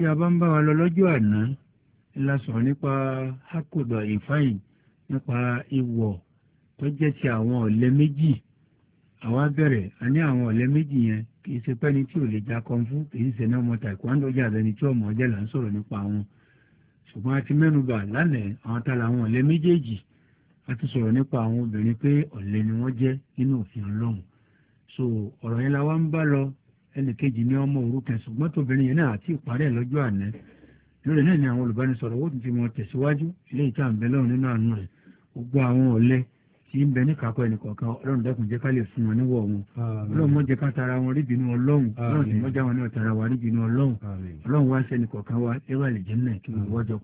bí a bá ń bá wa lọ lọ́jọ́ àná la sọ̀rọ̀ nípa hakoda ìfáyìn nípa ìwọ̀ tó jẹ́ ti àwọn ọ̀lẹ́ méjì àwa bẹ̀rẹ̀ a ní àwọn ọ̀lẹ́ méjì yẹn kì í ṣe pẹ́ni tí ò lè ja kan fún kì í ṣe náà mọ taekwondo jẹ́ àbẹni tí ọmọ ọjẹ́ là ń sọ̀rọ̀ nípa wọn ṣùgbọ́n a ti mẹ́nuba lánàá àwọn tá làwọn ọ̀lẹ́ méjèèjì a ti sọ̀rọ̀ nípa àwọn obìnrin pé ọ̀lẹ́ ni wọ́n jẹ́ nínú òfin ọlọ́run so ọ̀rọ̀ yẹn la wá ń bá lọ ẹnìkejì ní ọmọ òrukàn ṣùgbọ́n tóbìnrin yẹn náà àti ìparí ẹ̀ lọ́jọ́ àná lórí náà ni àwọn olùbánisọ̀rọ̀ owó tuntun wọn tẹ̀síwájú ilé ìta àǹbẹ̀lọ́run nínú àánú rẹ̀ gbogbo àwọn ọ̀lẹ́ tí ń bẹ ní kakọ ẹnìkọ̀ọ̀kan ọlọ́run dákun jẹ́ ká lè fún wọn níwọ̀ wọn ọlọ́run mọ̀ jẹ́ ká tara wọn rí bínú ọlọ́run ọlọ́run sì mọ̀ já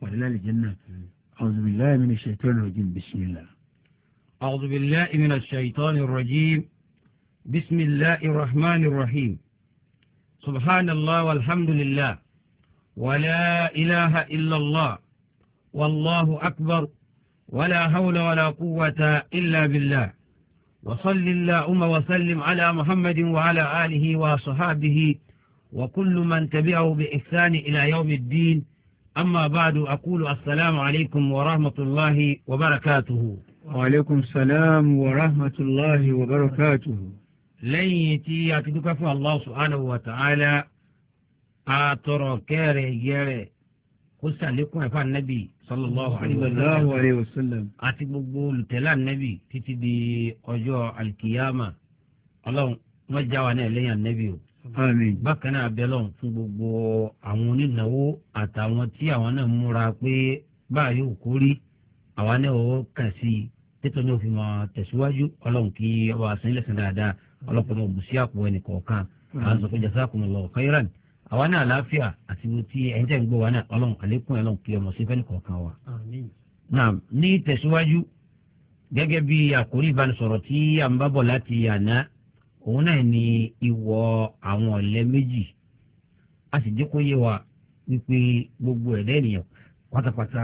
wọn náà من الشيطان الرجيم بسم الله أعوذ بالله من الشيطان الرجيم بسم الله الرحمن الرحيم سبحان الله والحمد لله ولا إله إلا الله والله أكبر ولا حول ولا قوة إلا بالله وصل اللهم وسلم على محمد وعلى آله وصحابه وكل من تبعه بإحسان إلى يوم الدين أما بعد أقول السلام عليكم ورحمة الله وبركاته وعليكم السلام ورحمة الله وبركاته lẹ́yìn tí a ti dúpẹ́ fún Allah subhanahu wa ta'ala a tọrọ kẹ́rẹ̀ yẹrẹ̀ kó sàlékún ẹ̀fà nẹ́bì sallallahu alayhi wa sallam àti gbogbo olùtẹ̀lá nẹ́bì títí di ọjọ́ alkiyama ọlọ́run wọ́n já wa náà lẹ́yìn nẹ́bì o. bákan náà abẹ́ lọ́run fún gbogbo àwọn onínáwó àtàwọn tí àwọn náà múra pé báyìí ò kórí àwa náà ó sí i títọ́ ní òfin mọ́ tẹ̀síwájú ọlọ́run kí ọba àṣẹ ńlẹ̀sìn dáadáa ọlọ́pàá mọ̀ bùsí àpò ẹnì kọ̀ọ̀kan à ń sọ pé jazakumullahu khairan àwa náà láàfíà àti ti ẹ̀ńtẹ̀ ń gbọ́ wa náà ọlọ́run àlékún ẹlọ́run kí ọmọ sí fẹ́ni kọ̀ọ̀kan wa. náà ní tẹ̀síwájú gẹ́gẹ́ bí àkórí ìbánisọ̀rọ̀ tí à ń bábọ̀ láti àná òun náà ni ìwọ àwọn ọ̀lẹ́ méjì a sì jẹ́ yé wa wípé gbogbo ẹ̀dá ènìyàn pátápátá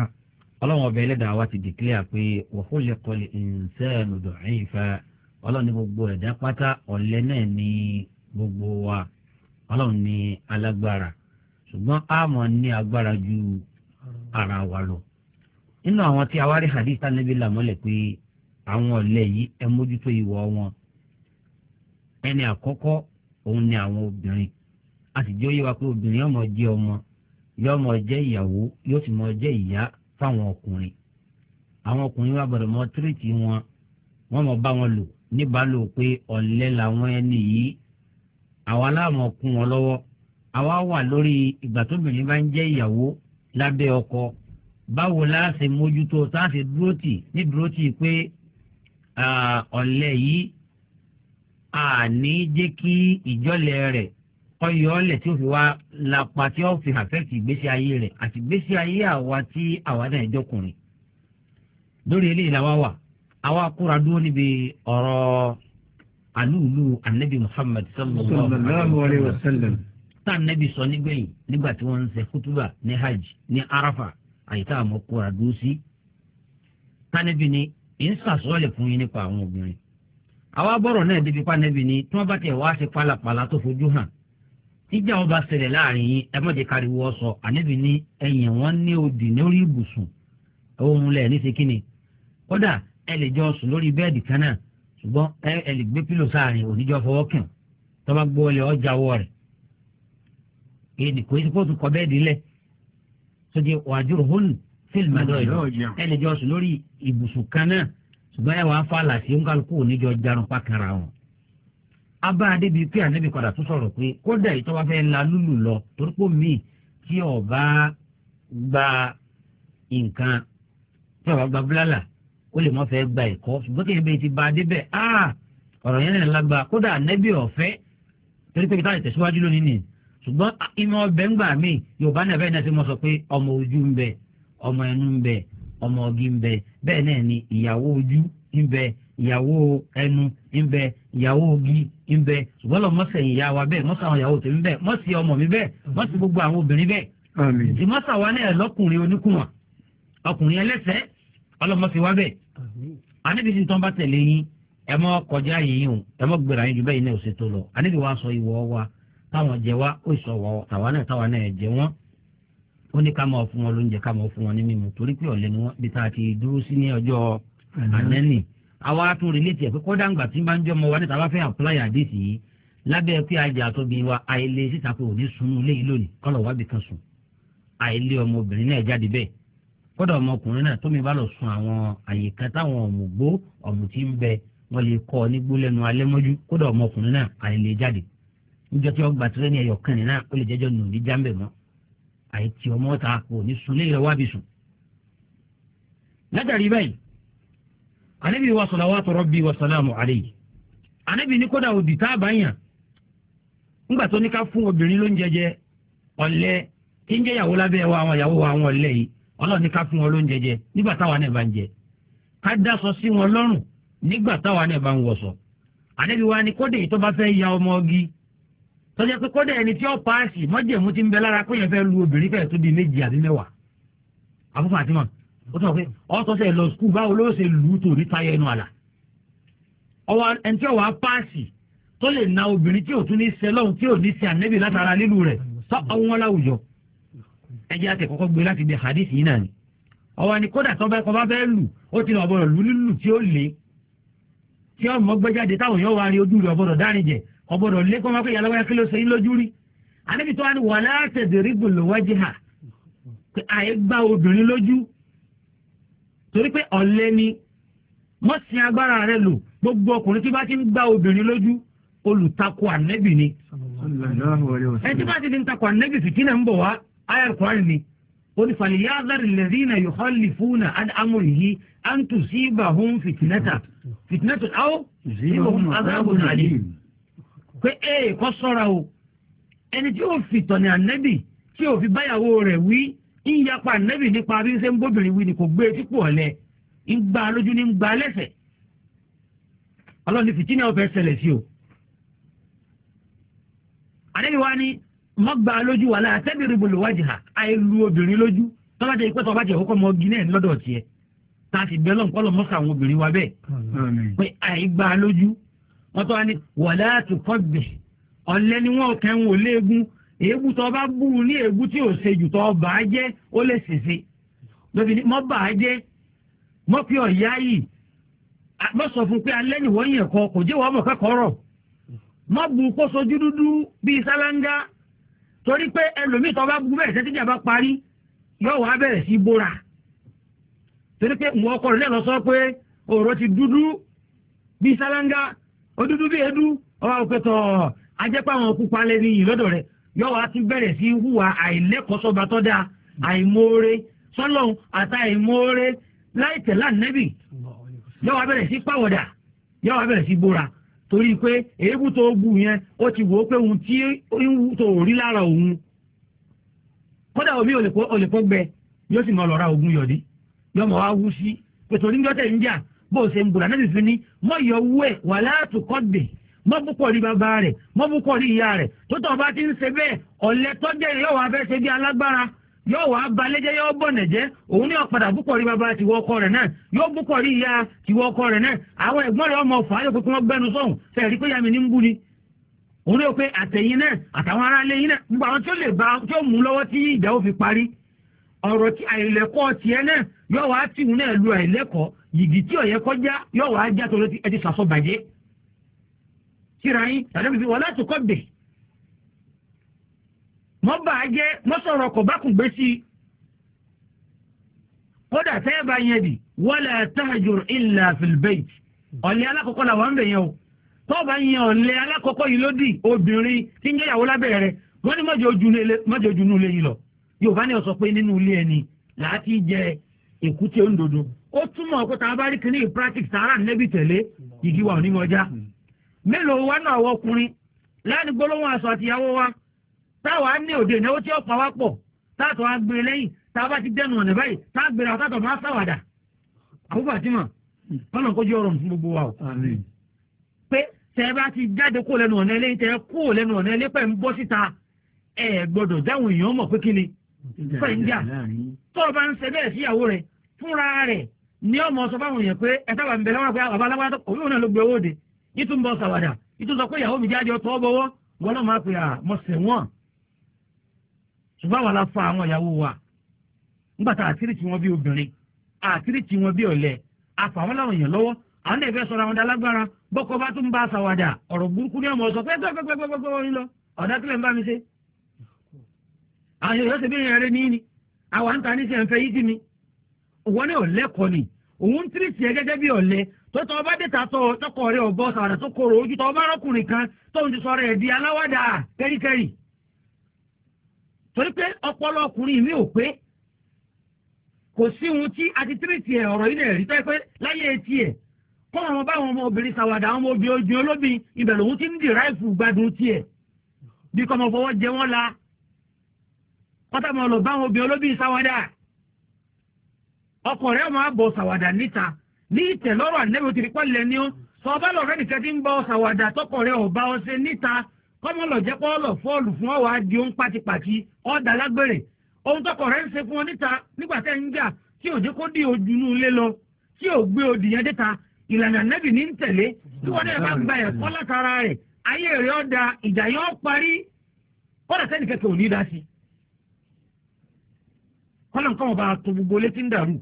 ọlọ́run ọbẹ̀ ẹlẹ́dàá wa ti dìklẹ́ pé wa khuliqal insanu da'ifa ọlọ́run ní gbogbo ẹ̀dá pátá ọ̀lẹ náà ní gbogbo wa ọlọ́run ní alágbára ṣùgbọ́n àmọ́ ní agbára ju ara wa lọ. nínú àwọn tí awárí hadith anabi lamọ́lẹ̀ pé àwọn ọ̀lẹ yìí ẹ mójútó ìwọ wọn ẹni àkọ́kọ́ òun ni àwọn obìnrin a sì jẹ́ òye wa pé obìnrin yóò mọ̀ jẹ́ ọmọ yóò mọ̀ jẹ́ ìyàwó yóò sì mọ̀ jẹ́ ìyá fáwọn ọkùnrin àwọn ọkùnrin wa gbọ́dọ̀ mọ̀ tírìtì wọn wọ́n mọ̀ bá wọn lò níbàálò pé ọ̀lẹ́ làwọn ẹni yìí àwa láàmú kún wọn lọ́wọ́ àwa wà lórí ìgbà tóbìnrin bá ń jẹ́ ìyàwó lábẹ́ ọkọ báwo la ṣe mójútó tá a ṣe dúró tì ní dúró tì pé ọ̀lẹ́ yìí àní jẹ́ kí ìjọ́lẹ̀ rẹ̀ ọyọ ọlẹ tí ó fi wá lápá tí ó fi àfẹ́kì ìgbésí ayé rẹ̀ àti ìgbésí ayé àwa tí àwa náà jọkùnrin lórí eléyìí làwa wà àwa kúra dúró níbi ọ̀rọ̀ alúùlù anabi muhammad sallallahu alayhi wa sallam tá anabi sọ nígbẹ̀yìn nígbà tí wọ́n ń ṣe kútúbà ní hajj ní arafa àyíká àmọ́ kúra dúró sí tánẹ́bì ni ń sàsọ́ọ̀lẹ̀ fún yín nípa àwọn obìnrin àwa bọ̀rọ̀ náà débi pánẹ́bì ni tí wọ́n bá tẹ̀ wá sí pálapàla tó fojú hàn ìjà ọba ṣẹlẹ̀ láàrin yín ẹ mọ̀jẹ̀ kariwo ọsọ ànẹ́bì ni ẹ̀yìn wọn ní odi lórí ibùsùn ohun lẹ̀ ní ṣe kódà ẹ lè jọ sùn lórí bẹ́ẹ̀dì kan náà ṣùgbọ́n ẹ lè gbé pílò sáàrin òníjọ́ fọwọ́ kàn tọ́ba gbọ́ ilẹ̀ ọjà wọ rẹ̀ èdè kò sí kó tún kọ bẹ́ẹ̀dì lẹ̀ sọ́jẹ́ wàdúrò hónù fíìlì mẹ́tọ́ yìí ẹ lè jọ sùn lórí ibùsùn kan náà ṣùgbọ́n ẹ wàá fàlà sí ń kálukú òníjọ́ jarun pákàrà wọn. abá adébíyí pé ànábì padà tún sọ̀rọ̀ pé kódà ìtọ́wá fẹ́ la lulu lọ torípò míì tí ọba gba nǹkan tí ọba gba búlálà ó lè mọ́ fẹ́ gba ẹ̀kọ́ ṣùgbọ́n kí ebi ti ba débẹ̀ ah ọ̀rọ̀ yẹn lẹ́nu lágbá kódà ànábì ọ̀fẹ́ torí pé kíkà lè tẹ̀síwájú lónìí nì ṣùgbọ́n ìmọ̀ ọbẹ̀ ń gbà mí yorùbá náà bẹ́ẹ̀ náà ṣe mọ̀ sọ pé ọmọ ojú ń bẹ ọmọ ẹnu ń bẹ ọmọ ọgí ń bẹ bẹ́ẹ̀ náà ni ìyàwó ojú ń bẹ ìyàwó ẹnu ń bẹ ìyàwó ogi ń bẹ ṣùgbọ́n lọ mọ́sẹ̀ ìyá wa bẹ́ẹ̀ àníbi tí tán bá tẹ̀lé yín ẹ mọ́ kọjá yìí o ẹ mọ́ gbéra yín ju bẹ́ẹ̀ iná òsè tó lọ àníbi wàá sọ ìwọ wa táwọn jẹ wá ó sọ wọ tàwa náà táwa náà jẹ wọn ó ní ká máa fún wọn lóúnjẹ ká máa fún wọn ní mímu torí pé ọ̀lẹ́ ni wọ́n bí tá a ti dúró sí ní ọjọ́ ànẹ́nì àwa tún relate ẹ̀ pé kódà ńgbà tí bá ń jọmọ wa níta bá fẹ́ apply àdéhìí yìí lábẹ́ pé ajá àtọ́bí wa àìlè síta pé òní sunú ilé yìí lónìí kọ́lọ̀ wá bìkan sùn àìlè ọmọbìnrin náà jáde bẹ́ẹ̀ kódà ọmọkùnrin náà tómi bá lọ sun àwọn àyíká táwọn ọ̀mùgbó ọ̀mùtí ń bẹ wọ́n lè kọ́ ọ ní gbólẹ́nu alẹ́ mọ́jú kódà ọmọkùnrin náà àyè lè jáde níjọ tí wọ́n gba tirẹ́ni ẹ̀yọ̀ kẹrin náà ó lè jẹ́jọ́ nù ní jámbẹ̀ mọ́ àyè ọmọ ta kò ní sun lé ìrẹwà bí sùn. látàrí báyìí anábì wa salawatu rabbi wa salamu alayhi anábì ní kódà òdì tá a bá yàn ńgbà tó ní ká fún obìnrin lóúnjẹ jẹ ọ̀lẹ́ tí ń jẹ́ ìyàwó lábẹ́ wa àwọn ìyàwó wa àwọn ọ̀lẹ́ yìí ọlọ́run ní ká fún wọn lóúnjẹ jẹ nígbà táwa náà bá ń jẹ ká dáṣọ sí wọn lọ́rùn nígbà táwa náà bá ń wọṣọ. àdébí wa ni kódé tó bá fẹ́ ya ọmọ ọgi tọ́jà pé kódé ẹni tí ó paasi mọ́jẹ̀mú ti ń bẹ lára pé yẹn fẹ́ lu obìnrin fẹ́ẹ́ tó di méjì àbí mẹ́wàá. àbúkọ àti mọ̀ ó tọ́ pé ọ̀tọ́ sẹ́ lọ skul báwo ló ṣe lù ú torí táyà ẹnu àlà. ọwọ́ ẹni tí na obìnrin tí ò tún ní sẹ́lọ́hún tí ò ní sẹ́ ànẹ́bì látara ọ ẹjẹ́ àti ẹ̀kọ́kọ́ gbé láti ibi hadith yìí náà ni ọwọ́ ni kódà tó bá kọ́ bá fẹ́ lù ó ti lọ ọ̀bọ̀rọ̀ lù lílù tí ó lé tí ọmọ gbẹ́jáde táwọn èèyàn wá rí ojú rẹ̀ ọ̀bọ̀rọ̀ dárin jẹ ọ̀bọ̀rọ̀ lé kọ́ máa pé yàrá kí ló ṣe lójú rí àníbi tó wá ní wàhálà tẹ̀dẹ̀rí gbòòlò wájú hà pé àyè gba obìnrin lójú torí pé ọ̀lẹ ni mọ́ sin agbára rẹ lò gbogbo ọkùnrin tí bá ti ń gba obìnrin lójú olùtakò ànẹ́bì ni ẹ tí bá ti ń takò ànẹ́bì fìtínà ń bọ̀ wá ayé àkùrán ni onífàlìyáàzárì lẹ́dínà yukhalifuna an amrihi an tusibahum fìtínẹ́tà fìtínẹ́tà áwọ̀ síbàhùn azabun alim pé ee kọ́ sọ́ra o ẹni tí yóò fi tọ̀nì ànẹ́bì tí yóò fi báyàwó rẹ̀ wí ń yapa ànẹ́bì nípa bí ń ṣe ń bóbìnrin wí ni kò gbé etí pọ̀ lẹ̀ ń gba lójú ní ń gba lẹ́sẹ̀ ọlọ́ni fìtínà ọ̀fẹ́ ṣẹlẹ̀ sí o ànẹ́bì ni mọ́gbà lójú wà láà tẹ́bìrì bolo wájú hà àìlú obìnrin lójú tọ́ba jẹ́ ìpẹ́tọ́ ọba jẹ́ kókó ọmọ ọgí náà lọ́dọ̀ tiẹ̀ tá a sì bẹ́ lọ́nkọ́ lọ mọ́sà àwọn obìnrin wa bẹ́ẹ̀ pé àìgbà lójú wọ́n tọ́ wa ní wàlá tó kọ́gbẹ̀ ọ̀lẹ́ ni wọ́n kẹ́ ń wò léegun èébú tó bá bú ní èébú tí ò ṣe jù tó bá jẹ́ ó lè ṣèṣe lóbi ní mọ́ bá jẹ́ jẹ́ mọ́ torí pé ẹlòmíì tó bá bu bẹ́ẹ̀ sẹ́tí ìjàmbá parí yóò wá bẹ̀rẹ̀ sí bóra torí pé ìwọ ọkọ rẹ̀ lọ sọ pé ọ̀rọ̀ ti dúdú bíi sálángá ó dúdú bíi edu ọ̀rọ̀ àpẹtọ̀ ajẹ́pẹ́ àwọn òkú palẹ̀ ní yìí lọ́dọ̀ yóò wá ti bẹ̀rẹ̀ sí hùwà àìlẹ́kọ̀ọ́sọba tó dáa àìmoore sọ́lọ́hún àtàìmoore láìtẹ̀lá nẹ́bì yóò wá bẹ̀rẹ̀ sí pàwọ̀dà yóò wá bẹ̀rẹ̀ sí bóra torí pé èébú tó gbù yẹn ó ti wò ó pé ohun tí tó rí lára òun kódà omi olèkó gbẹ yóò sì mọ lọ ra ogun yọ̀dí yóò mọ̀ wá wú sí pètò oníjọ́tẹ̀ ń jà bó o ṣe ń bùrà náà fífi ní mọ ìyọ̀ wú ẹ̀ wà látòkọ́ dè mọ púpọ̀ rí bàbá rẹ̀ mọ púpọ̀ rí ìyá rẹ̀ tó tọ̀ bá ti ń ṣe bẹ́ẹ̀ ọ̀lẹ́tọ́jẹ́ yóò wá bí alágbára yóò wá balẹ̀jẹ́ yóò bọ̀nẹ̀ jẹ́ òun ní ọ̀padà búkọ̀ rí bàbá tiwọ́ ọkọ rẹ̀ náà yóò búkọ̀ rí ìyá tiwọ́ ọkọ rẹ̀ náà àwọn ẹ̀gbọ́n rẹ̀ ọmọ ọ̀fà ayọ̀ pé kí wọ́n gbẹnu sọ̀hún sẹ̀rí pé yàmi ní ń bú ni òun ní o pé àtẹ̀yìn náà àtàwọn aráalé yín náà gbogbo àwọn tí ó lè ba tí ó mú lọ́wọ́ tí ìjà ó fi parí ọ̀rọ̀ tí àìlẹ́kọ́ wọ́n bá a jẹ́ wọ́n sọ̀rọ̀ kò bá kùn gbé sí i kódà tẹ́ ẹ bá yẹn dì wala tahjur illa fil ọ̀lẹ́ alákọ̀ọ́kọ́ làwọn ń bẹ̀ yẹn o tó bá yẹn ọ̀lẹ́ alákọ̀ọ́kọ́ yìí ló dì obìnrin tí ń jẹ́ ìyàwó lábẹ́ wọ́n ní ojú ilé yìí lọ pé nínú ilé ẹni jẹ ó túmọ̀ pé tá a bá rí táwa ní òde ìnáwó tí ó pa pọ̀ táàtọ̀ gbé lẹ́yìn tá bá ti dẹnu ọ̀nà báyìí tá gbéra táàtọ̀ máa sáwàdà àbúkọ àti mọ̀ ọlọ́run ọrọ̀ fún gbogbo wa o. pé tẹ bá ti jáde kó lẹ́nu ọ̀nà eléyìí tẹ kó lẹ́nu ọ̀nà eléyìí pẹ̀ ń bọ́ síta ẹ gbọ́dọ̀ dáhùn èèyàn mọ̀ pé kí ni bá ń ṣe bẹ́ẹ̀ rẹ̀ fúnra rẹ̀ ní ọmọ ṣùgbọ́n àwọn fa àwọn ìyàwó wa nígbà àtìrìtì wọn bí obìnrin àtìrìtì wọn bí ọ̀lẹ àfàwọn làwọn èèyàn lọ́wọ́ àwọn náà sọ̀rọ̀ àwọn dalágbára bọ́kọ bá tún bá sàwádà ọ̀rọ̀ burúkú ọmọ wọn lọ ọ̀dà kílẹ̀ ń bá mi ṣe. ni òun ẹ gẹ́gẹ́ tó tọ́ torí pé ọpọlọ ọkùnrin mi ò pé kò sí ohun tí a ti tírìtì ẹ̀ ọ̀rọ̀ ilẹ̀ rí tẹ́ pé láyé etí ẹ̀ kọ́ àwọn bá àwọn ọmọ obìnrin sàwádà àwọn ọmọ obìnrin olóbìn ibẹ̀ lòun ti ń dì ráìfù gbádùn tiẹ̀ bí kọ́ ọmọ jẹ wọ́n la pátámọ́ lọ bá àwọn obìnrin olóbìn sàwádà ọkọ rẹ̀ máa bọ̀ sàwádà níta ní ìtẹ̀lọ́rọ̀ ànẹ́bí ó ti fi pọ́lẹ̀ ní ó sọ ọba lọ́rẹ́ nìkan ti ń bọ́ sàwádà tọkọ rẹ̀ ò bá ọ ṣe níta kọ́mọlọ̀ jẹ́ kọ́ọ̀lọ̀ fọ́ọ̀lù fún ọ̀wá di ohun pátípátí ọ̀dà lágbèrè ohun tọkọ rẹ̀ ń ṣe fún ọ níta nígbà tẹ́ ń jà tí ò jẹ́ kó dé ojú inú ilé lọ tí ò gbé odì yẹn déta ìlànà nẹ́bì ní ń tẹ̀lé tí wọ́n náà bá gba ẹ̀kọ́ látara rẹ̀ ayé rẹ̀ ọ̀dà ìjà yẹn ó parí kọ́dà sẹ́ni kẹ̀kẹ́ ò ní dá sí i kọ́nà nǹkan ọba àtò gbogbo létí ń dàrú.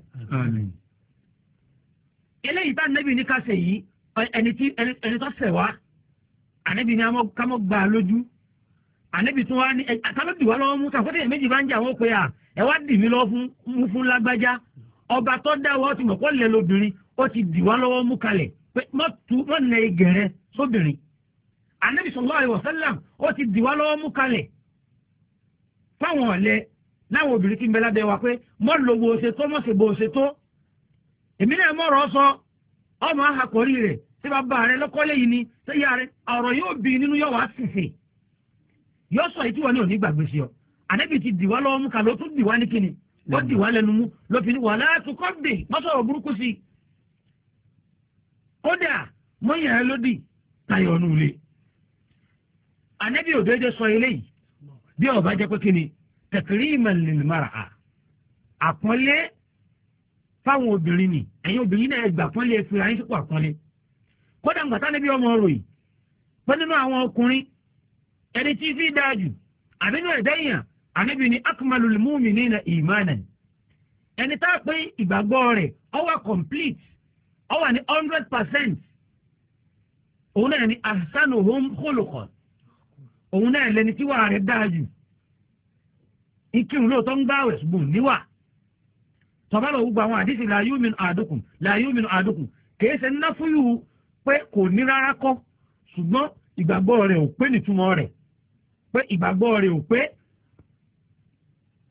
eléyìí tá nẹ́bì ànábì ni kámọ́ gbà lójú ànábì tún wá ní àtàlódì wá lọ́wọ́ mú sàkóso méjì bá ń jà wọ́n pé à ẹ wá dì mí lọ́wọ́ fún mú fún lágbájá ọba tó dá wa ó ti mọ̀ kọ́ lẹ̀ lóbìnrin ó ti dì wá lọ́wọ́ mú kalẹ̀ pé mọ́ nà igè rẹ sóbìnrin ànábì sallallahu alaihi wasallam ó ti dì wá lọ́wọ́ mú kalẹ̀ fáwọn ọ̀lẹ́ láwọn obìnrin tí ń bẹ lábẹ́ wa pé mọ́ lo wo ṣe tó mọ́ ṣe bò ṣe tó èmi náà mọ̀rọ̀ sọ ọmọ àhàkọ́rí rẹ̀ ṣé bàbá rẹ lọ́kọ́lé yìí ni ṣé ìyá rẹ ọ̀rọ̀ yóò bí nínú yóò wá sìsì yóò sọ èyí tí wọn ní òní gbàgbé sí ọ ànábì ti dìwá lọ́wọ́ mú kàló tún dìwá ní kíni ó dìwá lẹ́nu mú ló fi ní wàhálà tó kọ́ dè mọ́sọ̀rọ̀ burúkú sí i kódà mọ́yìn ẹ lódì tayọ̀ ọ̀nù ilé ànábì òdòdó sọ eléyìí bí ọba jẹ́ pé kíni tẹ̀kìrì ìmọ̀lẹ́lẹ́ mara kódà ń gbàtà níbi ọmọ ròyìn pé nínú àwọn ọkùnrin ẹni tí fi dáa jù àbínú ẹ̀dá èèyàn àníbi ni akmalul mu'minina imanan ẹni tá a pé ìgbàgbọ́ rẹ̀ ó wà complete ó wà ní hundred percent òun náà ni ahsanuhum khuluqan òun náà lẹni tí wàá rẹ̀ dáa jù ìkírun lóòótọ́ ń gbààwẹ̀ ṣùgbọ́n níwà tọ́ba lọ gbogbo àwọn àdìsí la yu'minu ahadukum la kèé ṣe ńlá fúyù pé kò ní rárá kọ́ ṣùgbọ́n ìgbàgbọ́ rẹ̀ ò pé nìtumọ̀ rẹ̀ pé ìgbàgbọ́ rẹ̀ ò pé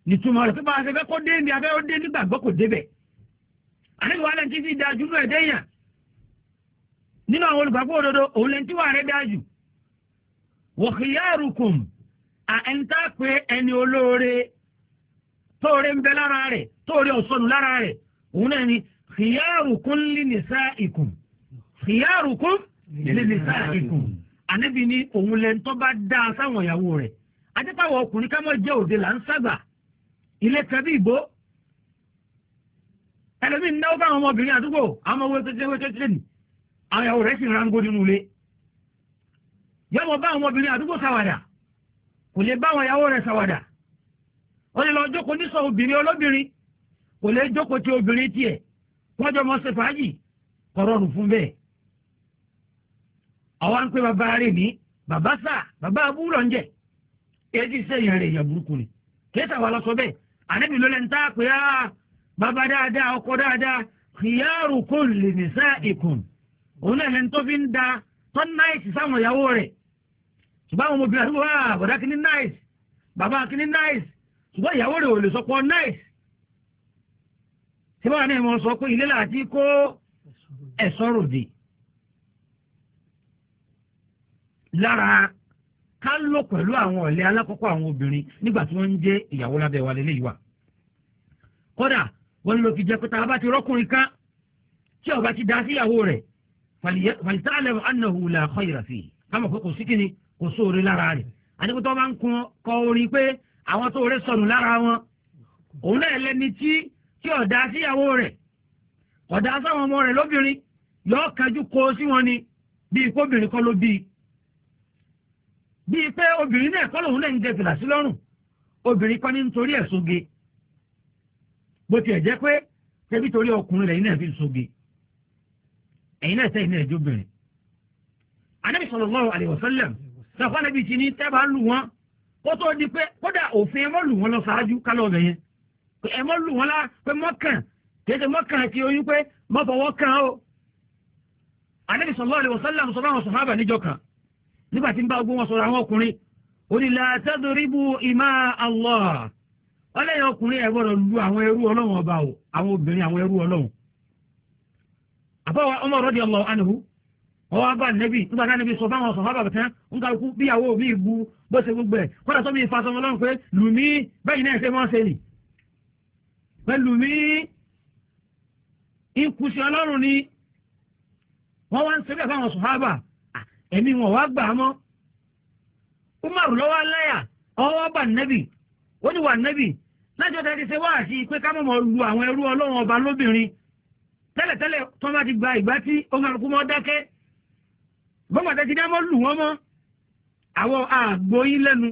nìtumọ̀ rẹ̀ pé bá a ṣe fẹ́ kó dé ní abẹ́ ó dé nígbàgbọ́ kò débẹ̀ àníbi wàhálà ti fi dájú náà ẹ̀dẹ́ yàn nínú àwọn olùgbàgbọ́ òdodo òun lè ti wà rẹ̀ dájú wọ̀kìyàrùkùn àẹ̀ńtà pé ẹni olóore tóore ń bẹ lára rẹ̀ tóore ọ̀sọ́nù lára rẹ̀ òun náà ni kìyàrùkùn lì nìsá ìkùn khiyarukum linisaikum ànábì ní òun lẹ́nu tó bá dá a sáwọn ìyàwó rẹ̀ adépáwọ̀ ọkùnrin ká mọ̀ jẹ́ òde là ń sábà ilé tẹ̀bí ìbò ẹlòmíì náwó fáwọn ọmọbìnrin àdúgbò àwọn ọmọ wẹ́tẹ́tẹ́ nì àwọn ìyàwó rẹ̀ sì ń rango nínú ilé yọmọ bá àwọn ọmọbìnrin àdúgbò ṣàwàdà kò lè bá àwọn ìyàwó rẹ̀ ṣàwàdà ó lè lọ jókòó nísọ obìnrin olóbìnrin kò lè jókòó ti obìnrin tiẹ̀ wọ́n jọ mọ́ ṣe fún bẹ́ẹ̀ àwa ń pè bàbá rẹ̀ ní bàbá sà bàbá abúlọ̀ ń jẹ́ èyí sẹ́yìn rẹ̀ ìyà burúkú ni kéésà wà lọ́sọ bẹ́ẹ̀ ànábì ló lẹ́nu tá a pè á bàbá dáadáa ọkọ dáadáa khiyarukum li nisaikum òun náà lẹ́nu tó fi ń da tó náìsì sáwọn ìyàwó rẹ̀ ṣùgbọ́n àwọn ọmọbìnrin àti bàbá bọ̀dá kìíní náìsì bàbá kìíní náìsì ṣùgbọ́n ìyàwó rẹ̀ ò lè sọ pé náìsì ṣé báwa náà sọ pé ilé làá ti kó ẹ̀sọ́ ròde lára ká lò pẹ̀lú àwọn ọ̀lẹ́ alákọ̀ọ́kọ́ àwọn obìnrin nígbà tí wọ́n ń jẹ́ ìyàwó lábẹ́ wa lélẹ́yìí wa kódà wọ́n lò fi jẹ́ pé tá a bá ti rọ́kùnrin ká tí ọba ti dá síyàwó rẹ̀ fàlìtàlẹ̀ anahu la khayra fi kámọ̀ pé kò sí kíni kò sóore lára rẹ̀ àdébùtọ́ máa ń kun kọ orin pé àwọn tó rẹ̀ sọnù lára wọn òun náà lẹni tí tí ọ̀dà síyàwó rẹ̀ ọ̀dà sáwọn ọmọ rẹ̀ lóbìnrin yọ̀ọ́ kájú kó sí wọn ni bíi kóbìnrin kọ́ ló bíi bíi pé obìnrin náà kọ́ lòun náà ń jẹ fìlà sí lọ́rùn obìnrin kọ́ ní nítorí ẹ̀ sóge bó tiẹ̀ jẹ́ pé tẹ́bí torí ọkùnrin lẹ́yìn náà fi sóge ẹ̀yin náà sẹ́yìn náà jó bìnrin. anábì sallallahu alaihi wasallam sọ̀kọ́ níbi tí ní tẹ́bà lù wọ́n kó tó di pé kódà òfin ẹ mọ́ lù wọ́n lọ ṣáájú kálọ̀ ọ̀bẹ yẹn ẹ mọ́ lù wọ́n lá pé mọ́kàn kéde mọ́kàn ti oyún pé mọ́fọwọ́ kàn ó. anábì sallallahu alaihi wasallam sọ nígbà tí ń bá ogun wọn sọ̀rọ̀ àwọn ọkùnrin onílà tẹ́dọ̀rìbù ìmá Allah ọlẹ́yìn ọkùnrin ẹ̀ gbọ́dọ̀ lu àwọn ẹrú ọlọ́run ọba o àwọn obìnrin àwọn ẹrú ọlọ́run. àbáwá Umar radiyallahu anhu ọwọ́ bá nẹ́bí nígbà náà níbi sọ fáwọn ọ̀sán fábàbà tán ń kálukú bíyàwó mi bu bó ṣe gbogbo ẹ̀ kọ́dà tó bí ifa sọmọ ọlọ́run pé lùmí bẹ́yìn náà ṣe máa ṣe nì pé lùmí ìkùsì ọlọ́run ni wọ́n wá ń ṣe bẹ́ẹ̀ fáwọn sọ̀hábà ẹ̀mí wọn wá gbà á mọ́ umaru lọ́wọ́ aláyà ọwọ́ bá nẹ́bì ó ní wà nẹ́bì lájọ́ tẹ́tí ṣe wá àti pé ká mọ̀mọ́ lu àwọn ẹrú ọlọ́run ọba lóbìnrin tẹ́lẹ̀tẹ́lẹ̀ tó bá ti gba ìgbà tí umaru kú mọ́ dákẹ́ bọ́mọ̀ tẹ́tí dá mọ́ lù wọ́n mọ́ àwọn àgbo yín lẹ́nu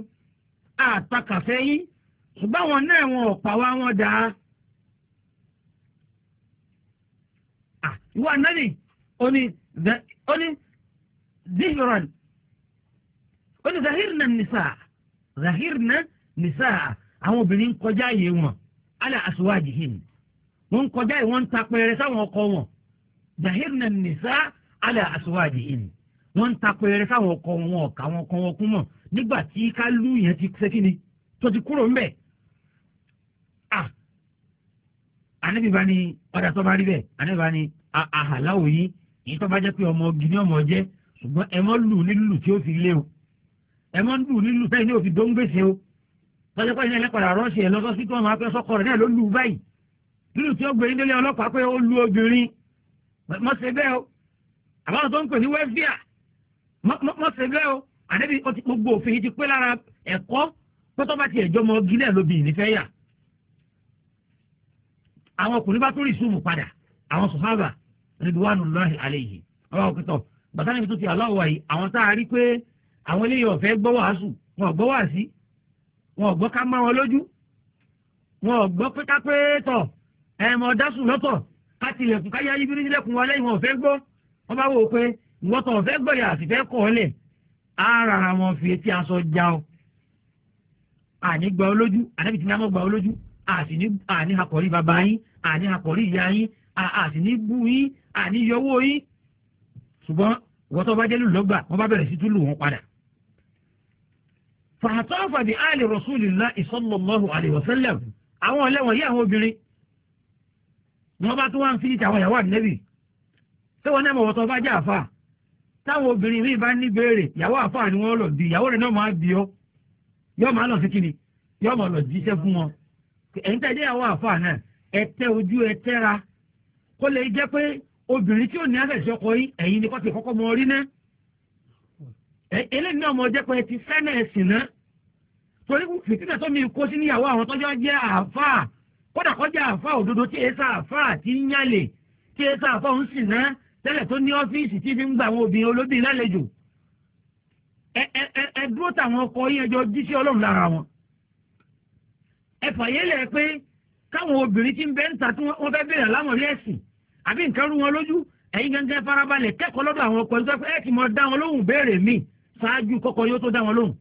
àtakàfẹ́ yín ṣùgbọ́n àwọn náà wọn ò pa wọn dà á. ìwà nẹ́bì ó ní zihran ó ní zahirna nisa zahirna nisa àwọn obìnrin ń kọjá yìí wọn ala aswajihim wọn النساء على yìí wọn ń ta pẹrẹ sáwọn ọkọ wọn zahirna nisa ala aswajihim wọn ń ta pẹrẹ sáwọn ọkọ wọn ọkà wọn kọ wọn kú mọ nígbà tí kálú yẹn ti sẹkíni tó ti kúrò ńbẹ ah anabi ọ̀dà tó bá rí bẹ́ẹ̀ anabi bá ní àhàláwò tó bá jẹ́ pé ọmọ gidi ọmọ jẹ́ ṣùgbọ́n ẹ mọ́ lù nílù tí ó fi lé o ẹ mọ́ lù nílù sẹ́yìn ní òfin tó ń gbèsè o tọ́jú pé ìyẹn lẹ́pàdà rọ́ọ̀ṣì ẹ̀ lọ́sọ́ sí tó máa fẹ́ sọ́kọ rẹ̀ náà ló lù báyìí lílù tí ó gbé nílé ọlọ́pàá pé ó lu obìnrin mọ́ ṣe bẹ́ẹ̀ o àbáwọn tó ń pè ní wẹ́fíà mọ́ ṣe bẹ́ẹ̀ o àdébí gbogbo òfin ti pé lára ẹ̀kọ́ pẹ́tọ́ bá ti ẹ̀jọ́ mọ gílẹ̀ lóbi ìnífẹ́ yà àwọn ọkùnrin bá tún bàtà níbi tó ti aláwọ̀ wáyé àwọn tá a rí pé àwọn eléyìí ọ̀fẹ́ gbọ́ wàásù wọn ò gbọ́ wàásí wọn ò gbọ́ ká má wọn lójú wọn ò gbọ́ pẹ́ká pé tọ̀ ẹ̀mọ́ dásùn lọ́tọ̀ ká tilẹ̀kùn ká yáyí bírí sílẹ̀kùn wọlé ìwọ̀n ọ̀fẹ́ gbọ́ wọn bá wò ó pé ìwọ́tọ̀ ọ̀fẹ́ gbọ́ yà àti fẹ́ kọ́ ọ lẹ̀ á rárá wọn fi etí aṣọ já ọ àní gba olójú ànábì tí ní amọ́ gba olójú àní akọ̀rí bàbá yín àní akọ̀rí ìyá yín àní bú yín àní yọwọ́ yín ṣùgbọ́n wọ́n tó bá jẹ́ lù lọ́gbà wọ́n bá bẹ̀rẹ̀ sí tún lù wọ́n padà. fàtọ́fà bí àlè rasulillah sallallahu alaihi wasallam àwọn ọlẹ́wọ̀n yí àwọn obìnrin wọ́n bá tún wá ń fi ìtàwọn ìyàwó ànẹ́bì tí wọ́n náà mọ̀ wọ́n bá jẹ́ àfà táwọn obìnrin míì bá ní béèrè ìyàwó àfà ni wọ́n lọ bí ìyàwó rẹ̀ náà máa bí ọ yọ máa lọ sí kíni yọ máa obìnrin tí ò ní àfẹ̀jọkọ yín ẹ̀yin ni kò ti kọ́kọ́ mọ rí ná eléyìí náà mọ jẹ́ pé ti fẹ́nà ẹ̀sìn ná torí fìtínà tó mi kó sí níyàwó àwọn tọ́jọ́ jẹ́ àáfàá kódà kọjá àáfàá òdodo tí èsà àáfàá ti ń yàlè tí èsà àáfàá ń sìn ná tẹ́lẹ̀ tó ní ọ́fíìsì tí fi ń gba àwọn obìnrin olóbìnrin lálejò ẹ ẹ ẹ dúró táwọn ọkọ yín ẹjọ jíṣẹ́ ọlọ́run lára wọn ẹ fàyẹ́lẹ̀ pé káwọn obìnrin ti ń bẹ́ ń ta tí wọ́n fẹ́ bẹ̀rẹ̀ láwọn ẹ̀sìn àbí nǹkan rú wọn lójú ẹ̀yin gẹ́gẹ́ farabalẹ̀ kẹ́kọ̀ọ́ lọ́dọ̀ àwọn ọkọ ìjọba ẹ̀ ti mọ dá wọn lóhùn béèrè mi ṣáájú kọ́kọ́ yóò tó dá wọn lóhùn.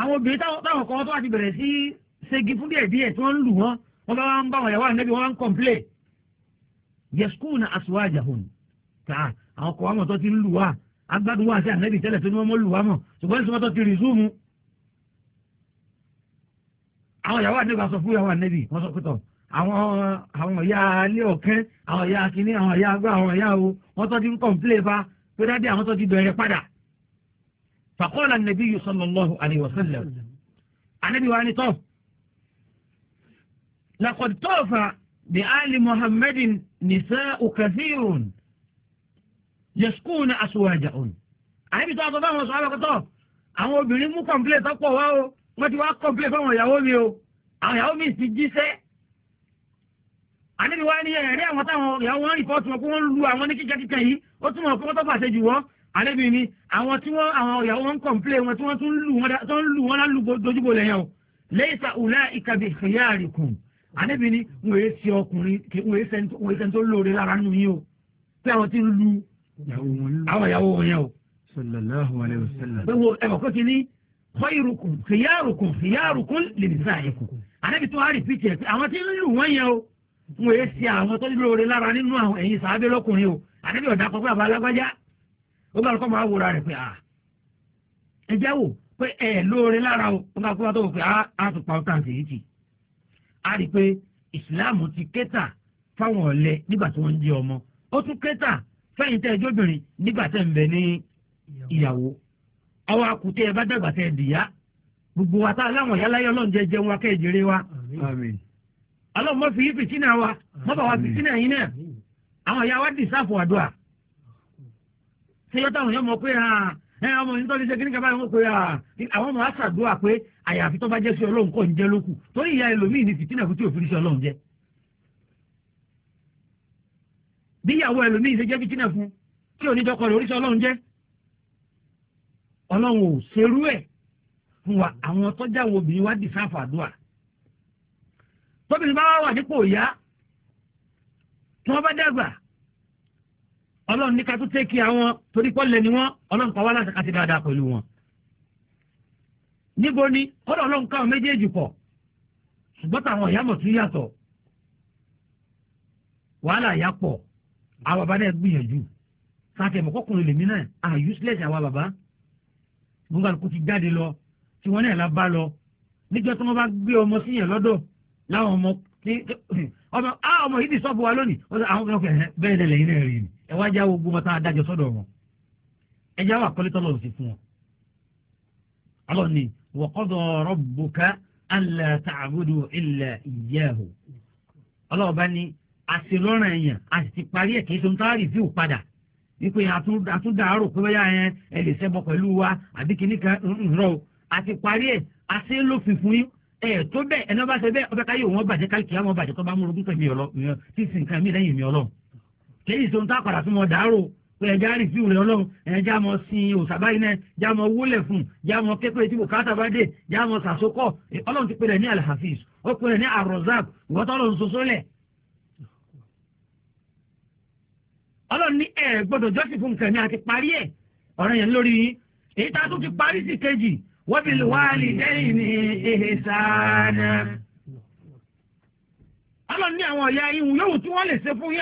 àwọn obìnrin táwọn ọkọ wọn tó wà ti bẹ̀rẹ̀ sí ṣègi fún díẹ̀ díẹ̀ tí wọ́n ń lù wọn wọ́n bá wọn bá wọn yàwó ànábì wọn ń kọ̀m̀plé. yẹsùkúùnà aṣọ́wájàhùn ta àwọn ọkọ wọn tó ti ń lù wá agbádùn wá sí ànábì àwọn àwọn ìyá alẹ́ ọ̀kẹ́ àwọn ìyá akínní àwọn ìyá agbá àwọn ìyá o wọ́n tọ́ ti ń kọ̀ǹpilẹ̀ fa pé dáadé àwọn tọ́ ti bẹ̀rẹ̀ padà. fàkọ́ọ̀lá nàbí yìí sallallahu alaihi wasallam ànábì wa ni tọ́ laqad tafa bi ali muhammadin nisa'u kathirun yaskuna aswajahun. ànábì tó àtọ́ fáwọn sọ̀rọ̀ kọ́tọ́ àwọn obìnrin mú kọ̀ǹpilẹ̀ tọ́pọ̀ wá o wọ́n ti wá kọ̀ǹpilẹ̀ fáwọn ìyàwó mi o àwọn ìyàwó mi sì jíṣẹ́ àníbi wá ní ẹ̀rí àwọn táwọn ìyàwó wọn rìpọ́ọ̀tù wọn kó wọ́n lu àwọn ní kíkẹ́kíkẹ́ yìí ó túmọ̀ fún tó fàṣẹ jù wọ́n àníbi ni àwọn tí wọ́n àwọn ìyàwó wọn kọ̀ǹplé wọn tí wọ́n tún lù wọn tó ń lù wọn lálù dojúbo lẹ́yìn o lẹ́yìnsà òlà ìkàbí ìyáàrí kùn àníbi ni wọ́n èé ṣe ọkùnrin wọ́n èé ṣe tó lóore lára nù yín o pé àwọn tí ń lu àwọn ìyàwó wọn yẹn o. sallallahu wọn e si àwọn tó nílò orin lára nínú àwọn ẹ̀yìn sàábé lọ́kùnrin o àdébí ọ̀dà pé àbá alágbájá ó bá máa pé ah, pé lára o ó bá tó wò pé ah, a tún pa ọ̀tá àti èyí á rí i pé ìsìláàmù ti kẹ́tà fáwọn ọ̀lẹ nígbà tí wọ́n ń ọmọ ó tún fẹ́yìn tẹ́ ẹjọ́ obìnrin nígbà wa tá a láwọn ọlọ́run mọ́ fi yí fìtínà wa mọ́ bá wa fìtínà yín náà àwọn ìyá wa dìsáàfù àdúrà ṣé yọ́tà àwọn yọmọ pé ah, ẹ ọmọ yìí tọ́lé ṣe kí ní kaba yẹn wọ́n pé àwọn ọmọ aṣàdúrà pé àyàfi tó bá jẹ́ sí ọlọ́run kọ́ ń jẹ́ lókù torí ìyá ẹlòmíì ni fìtínà fún tí òfin ṣe ọlọ́run jẹ́ bí ìyàwó ẹlòmíì ṣe jẹ́ fìtínà fún tí oníjọkọ rẹ̀ tóbi bá wà nípò ìyá tí wọ́n bá dàgbà ọlọ́run ní ká tó tẹ́kì àwọn torí pọ́lẹ̀ ni wọ́n ọlọ́run pa wá láti ká ti dáadáa pẹ̀lú wọn. níbo ni kọ́dọ̀ ọlọ́run káwọn méjèèjì pọ̀ ṣùgbọ́n táwọn ìyá mọ̀ tún yàtọ̀ wàhálà ìyá pọ̀ àwọn bàbá náà gbìyànjú sáfẹ̀ mọ̀kọ́kùnrin lèmi náà à useless àwọn bàbá gbọ́ngàn kò ti jáde lọ tí wọ́n náà lá bá lọ níjọ́ tí wọ́n bá gbé ọmọ síyàn lọ́dọ̀ láwọn ọmọ tí ọmọ á ọmọ yìí ti sọ́ọ̀bù wa lónìí àwọn ọmọ ọkọ̀ bẹ́ẹ̀ lẹ́lẹ̀ yìí náà rí ni ẹ wá já ogun ọmọ tá a dájọ sọ́dọ̀ wọn ẹ já wà kọ́lé tọ́lọ̀ sí fún wọn. Allah ni wa qada rabbuka alla ta'budu illa iyyahu Allah bá ní àṣelọ́ràn àti parí ẹ̀ kì í ṣe ohun padà wípé àtúndàárò pé báyà yẹn lè ṣẹbọ pẹ̀lú wa àbí kìnnìkan rọ àti parí ẹ̀ àṣelófin fún yín ẹ tó bẹ́ẹ̀ ẹni wọ́n bá ṣe bẹ́ẹ̀ ọbẹ̀ káyé òun bàjẹ́ káyé kìá wọn bàjẹ́ tó bá mú orogún pẹ̀lú ọlọ tí sì nǹkan mi lẹ́yìn mi ọlọ lẹ́yìn tó ń tá padà fún wọn dàárò pé ẹja rìn sí ìrẹ̀ ọlọ́run ẹja mọ sin òṣàbá iná já mọ wúlẹ̀ fún já mọ kékeré tí bùkátà bá dé já mọ sàsókò ọlọ́run ti pè rẹ̀ ní alhafiz ó pè rẹ̀ ní arozak ìwọ́tọ́ ọlọ́run soso lẹ̀ ọlọ́run ní ẹ̀ gbọ́dọ̀ jọ́sìn fún nǹkan ni àti parí ẹ̀ ọ̀rọ̀ yẹn lórí yín èyí tá a tún ti parí sí kejì wọ́bìlúwálìdẹ́yìn ìhìsáàdà. Ọlọ́run ní àwọn ọ̀yá yín yóò tí wọ́n lè ṣe fún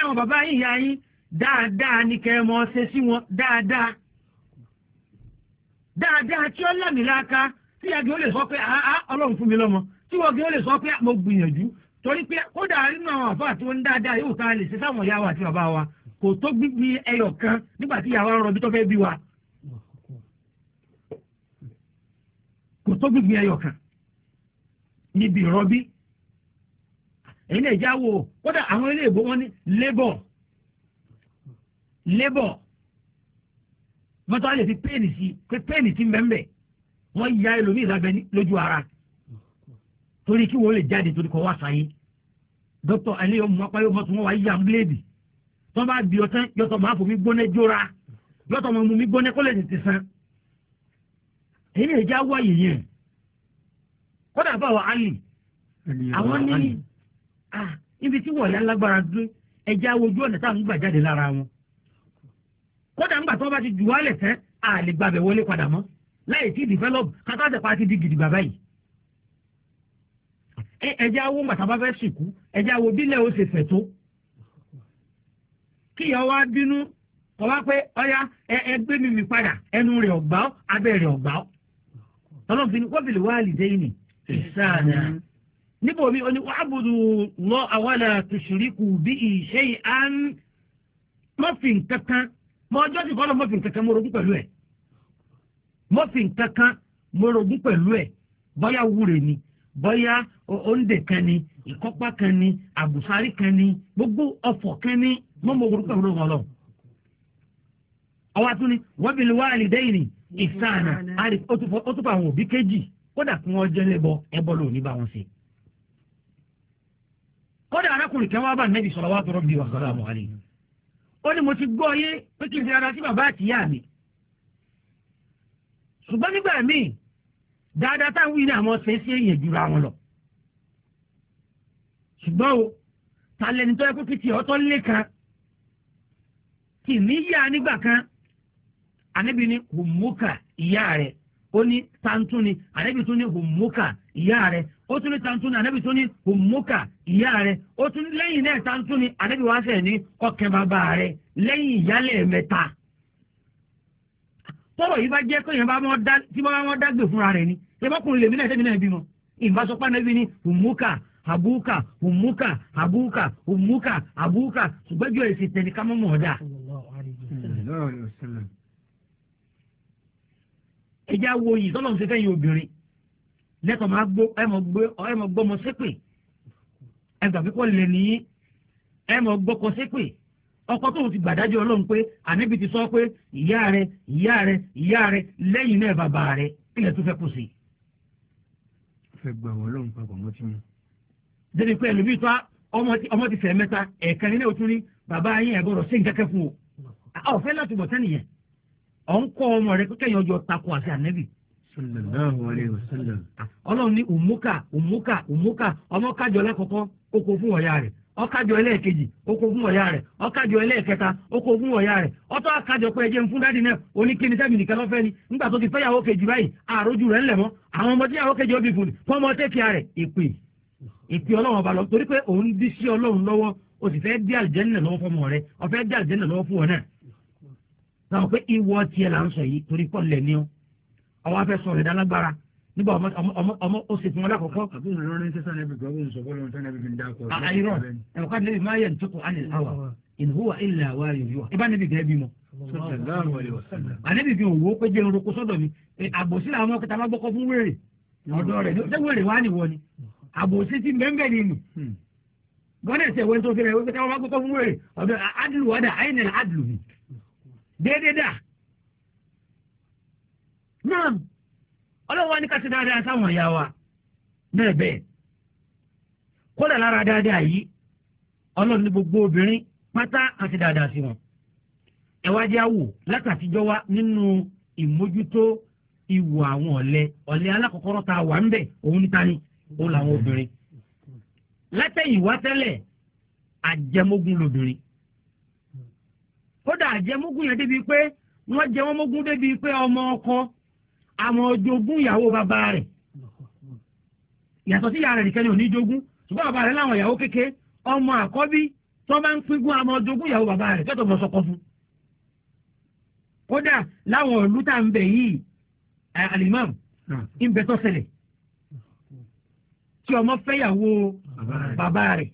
dáadáa tí ó lámì láka tí ìyá gẹ́gẹ́ lè sọ pé àá ọlọ́run fún mi lọ́mọ tí wọ́n gẹ́gẹ́ lè sọ pé mo gbìyànjú torí pé kódà nínú àwọn àfáà tí wọ́n dáadáa yóò ká lè ṣe sáwọn ìyá àti bàbá wa kò tó gbígbí ẹyọ kan nígbà tí ìyá wa ń bí wa. kò tó gbígbin ẹyọ kan níbi ìrọbí èyí náà já wo kódà àwọn ilé ìbò wọn ní labour labour mọ́tò àlè fi péènì sí pé péènì ti mẹ́mbẹ́ wọ́n ya ẹlòmíì lábẹ́ lójú ara torí kí wọ́n lè jáde torí kọ́ wá sáyé dókítà ẹlẹ́yọ̀ mú apá yóò mọ́tò wọn wá yíyá bíléèdì tó bá di ọtán yọtọ̀ máa fò mí gbóná jóra yọtọ̀ máa mú mi gbóná kó tètè san èyí lè já wáyé yẹn kódà báwa ali àwọn ní ibi tí wọ̀lẹ́ alágbára dé ẹja ojú ọ̀nà táwọn ń gbà jáde lára wọn kódà ńgbà tó bá ti jù wálẹ̀ tẹ́ àlè gbàbẹ̀ wọlé padà mọ́ láì tí develop kátà tẹ̀ pàtí di gidi bàbá yìí ẹja wo bàtà bá fẹ́ sìnkú ẹja wo bílẹ̀ ó ṣe fẹ̀ tó kíyà wá bínú ọba pé ọya ẹgbẹ́ mi mi padà ẹnu rẹ̀ ọ̀gbá abẹ́ rẹ̀ ọ̀gbá ọ́ ọlọ́run fi ni wọ́n bìlì wáàlì dẹ́yìnì sáànà mm-hmm. níbo mi oní wàhábùdù lọ àwàlà tùṣùríkù bí ìṣe àn mọ́fìn kankan mọ ọjọ́ ti kọ́ lọ mọ́fìn kankan mo rogún pẹ̀lú ẹ̀ mọ́fìn kankan mo rogún pẹ̀lú ẹ̀ bọ́yá wúre ni bọ́yá òǹdè kan ni ìkọ́pá kan ni àbùsárí kan ni gbogbo ọ̀fọ̀ kan ni mọ́ mo pẹ̀lú ọ̀rọ̀ ọ̀wá tún ni wọ́n bìlì wáàlì dẹ́yìnì ìsáànà àrí ó tún fa àwọn òbí kejì kódà kí wọ́n jẹ́ lẹ́bọ ẹbọ ló ní bá wọn ṣe. kódà arákùnrin kan wá bá nẹ́bí salawatu rabbi wa salamu alayhi. ó ní mo ti gbọ́ yé pé kí n fi ara sí bàbá àtìyá mi. ṣùgbọ́n nígbà míì dáadáa táwọn yìí ní àwọn ṣe é sí èèyàn jura wọn lọ. ṣùgbọ́n o ta lẹni tó yẹ kó kìtì ọ̀tọ̀ lé kan kì ní yá nígbà kan anabi ni humuka ìyá rẹ ó ní tantuni anabi tún ní humuka ìyá rẹ ó tún ní tantuni anabi tún ní humuka ìyá rẹ ó tún lẹ́yìn náà tantuni anabi wá sẹ ní ọkẹ bàbá rẹ lẹ́yìn ìyálẹ̀ mẹ́ta tọrọ yìí bá jẹ pé yẹn bá wọn dá tí wọn bá wọn dá gbè fúnra rẹ ni ẹ bá kùn lèmi náà sẹmi náà bímọ ìbásọpá náà bí humuka abuka humuka abuka humuka abuka ṣùgbọ́n jọ èsì tẹ̀lé ká mọ́ mọ́ ọ̀dà ẹjẹ́ awo yìí tọ́lọ́run ṣe fẹ́yìn obìnrin lẹ́tọ̀ máa gbó ẹmọ gbọ́mọ ṣépè ẹgbà pípọ̀ lè ní ẹmọ gbọ́kọ ṣépè ọkọ tóun ti gbàdájọ́ ọlọ́run pé àníbi ti sọ pé ìyá rẹ ìyá rẹ ìyá rẹ lẹ́yìn náà bàbá rẹ ilẹ̀ tó fẹ́ kù sí. fẹ́ gbà wọ́n lọ́run papọ̀ mọ́ tí wọ́n. débi pé ẹlòmíì tó ọmọ ti fẹ́ mẹ́ta ẹ̀ẹ̀kan nílé òtún ní bàbá yín ẹ̀gbọ́dọ̀ sí nǹkan kẹ́kọ̀ọ́ ọ̀fẹ́ láti bọ̀ sẹ́niyẹn ọ̀ ń kọ́ ọmọ rẹ pé kẹ́yìn ọjọ́ takò àti ànẹ́bì. sallallahu alaihi ọlọ́run ní òmùkà òmùkà òmùkà ọmọ kájọ lákọ̀ọ́kọ́ ó kó fún ọ̀yá rẹ̀ ọkájọ ẹlẹ́ẹ̀kejì oko fún ọ̀yá rẹ̀ ọkájọ ẹlẹ́ẹ̀kẹta oko fún ọ̀yá rẹ̀ ọtọ́ akájọ pé ẹjẹ ń fún dáàdì náà oníkíni sẹ́mi nìkan lọ́fẹ́ ni nígbà tó ti fẹ́ yàwó kejì báyìí àròjù rẹ̀ ńlẹ̀ mọ́ àwọn ọmọ yàwó kejì fún tẹ́kì rẹ̀ ìpè sọ pé ìwọ tiẹ̀ là ń sọ yìí torí pọ̀ lẹ̀ ní o àwọn afẹ́ sọ̀rọ̀ ìdálágbára nígbà ọmọ ọmọ ọmọ oṣù fún ọlákọ̀ọ́kọ́. àbúrò ló rẹ́ sẹ́sán ẹbí gbọ́ bóun sọ bọ́ lóun sẹ́sán ẹbí fi ń dáko. àyírọ̀ ẹ̀wọ̀ká níbi máa yẹ ntúkọ̀ á nílẹ̀ àwà in huwa illa yìí wá. ibà níbi gẹ́gẹ́ mọ. àníbi fi òwò pé jẹun roko sọ́dọ̀ mi àbòsí làwọn kẹta bá gbọ́kọ́ fún wèrè ọ̀dọ́ rẹ̀ ṣé wèrè wá nìwọ ni àbòsí ti déédéé dà náà ọlọ́wọ́ ní ká ṣe dáadáa sáwọn ìyá wa náà bẹ́ẹ̀ kódà lára dáadáa yìí ọlọ́run ní gbogbo obìnrin pátá àti dáadáa sí wọn ẹ̀wájú látàtijọ́ wa nínú ìmójútó ìwò àwọn alákọ̀ọ́kọ́rọ́ ta wà ń bẹ̀ òun níta ni làwọn kódà àjẹmógún yẹn débi pé wọ́n jẹ wọ́n mógún débi pé ọmọ ọkọ àwọn jogún ìyàwó bàbá rẹ̀ yàtọ̀ sí ìyá rẹ̀ nìkan ni ò ní jogún ṣùgbọ́n bàbá rẹ̀ láwọn ìyàwó kéke ọmọ àkọ́bí tó bá ń pínkún àmọ́ jogún ìyàwó bàbá rẹ̀ kẹ́tọ̀ mọ̀ sọkọ fún. kódà láwọn ìlú tá ń bẹ yìí alimam ń bẹ tó ṣẹlẹ̀ tí ọmọ fẹ́yàwó bàbá rẹ̀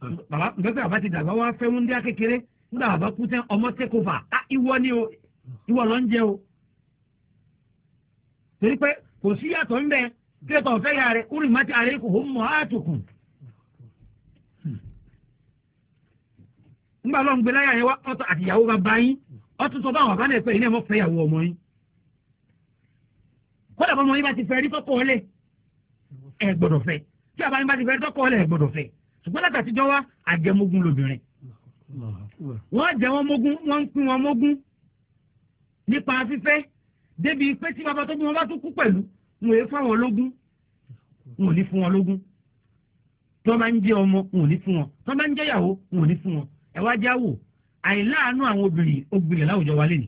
bàbá dókítà bàbá ti dàgbà wá fẹ́ wúndíá kékeré nígbà bàbá kú tán ọmọ tẹ́kọ̀fà á ìwọ ni o ìwọ ló ń jẹ o torí pé kò sí yàtọ̀ ń bẹ kílẹ̀kọ̀ ọ̀fẹ́ yà rẹ̀ má ti àrẹ kò hó mọ́ àtùkùn. nígbà lọ́n gbé láyà yẹn wá ọ̀tọ̀ àtìyàwó bàbá yín ọtún tó bá wà bá náà pẹ́ yín náà mọ̀ fẹ́ yàwó ọmọ yín kódà bọ́mọ yín bá ti fẹ́ rí tọ́kọ̀ ẹ̀ gbọ́dọ̀ fẹ́ tí àbá bá ti fẹ́ rí tọ́kọ̀ ẹ̀ gbọ́dọ̀ fẹ́ ṣùgbọ́n látàtí jọ wá àjẹmógún lóbìnrin wọ́n jẹ wọn mógún wọ́n ń pín wọn mógún nípa fífẹ́ débi pé tí bàbá tó bí wọn bá tún kú pẹ̀lú wọn èé fáwọn lógún wọn ò ní fún wọn lógún tó bá ń jẹ ọmọ wọn ò ní fún wọn tó bá ń jẹ ìyàwó wọn ò ní fún wọn ẹ wá já wò àìláàánú àwọn obìnrin obìnrin láwùjọ wa lẹ́nu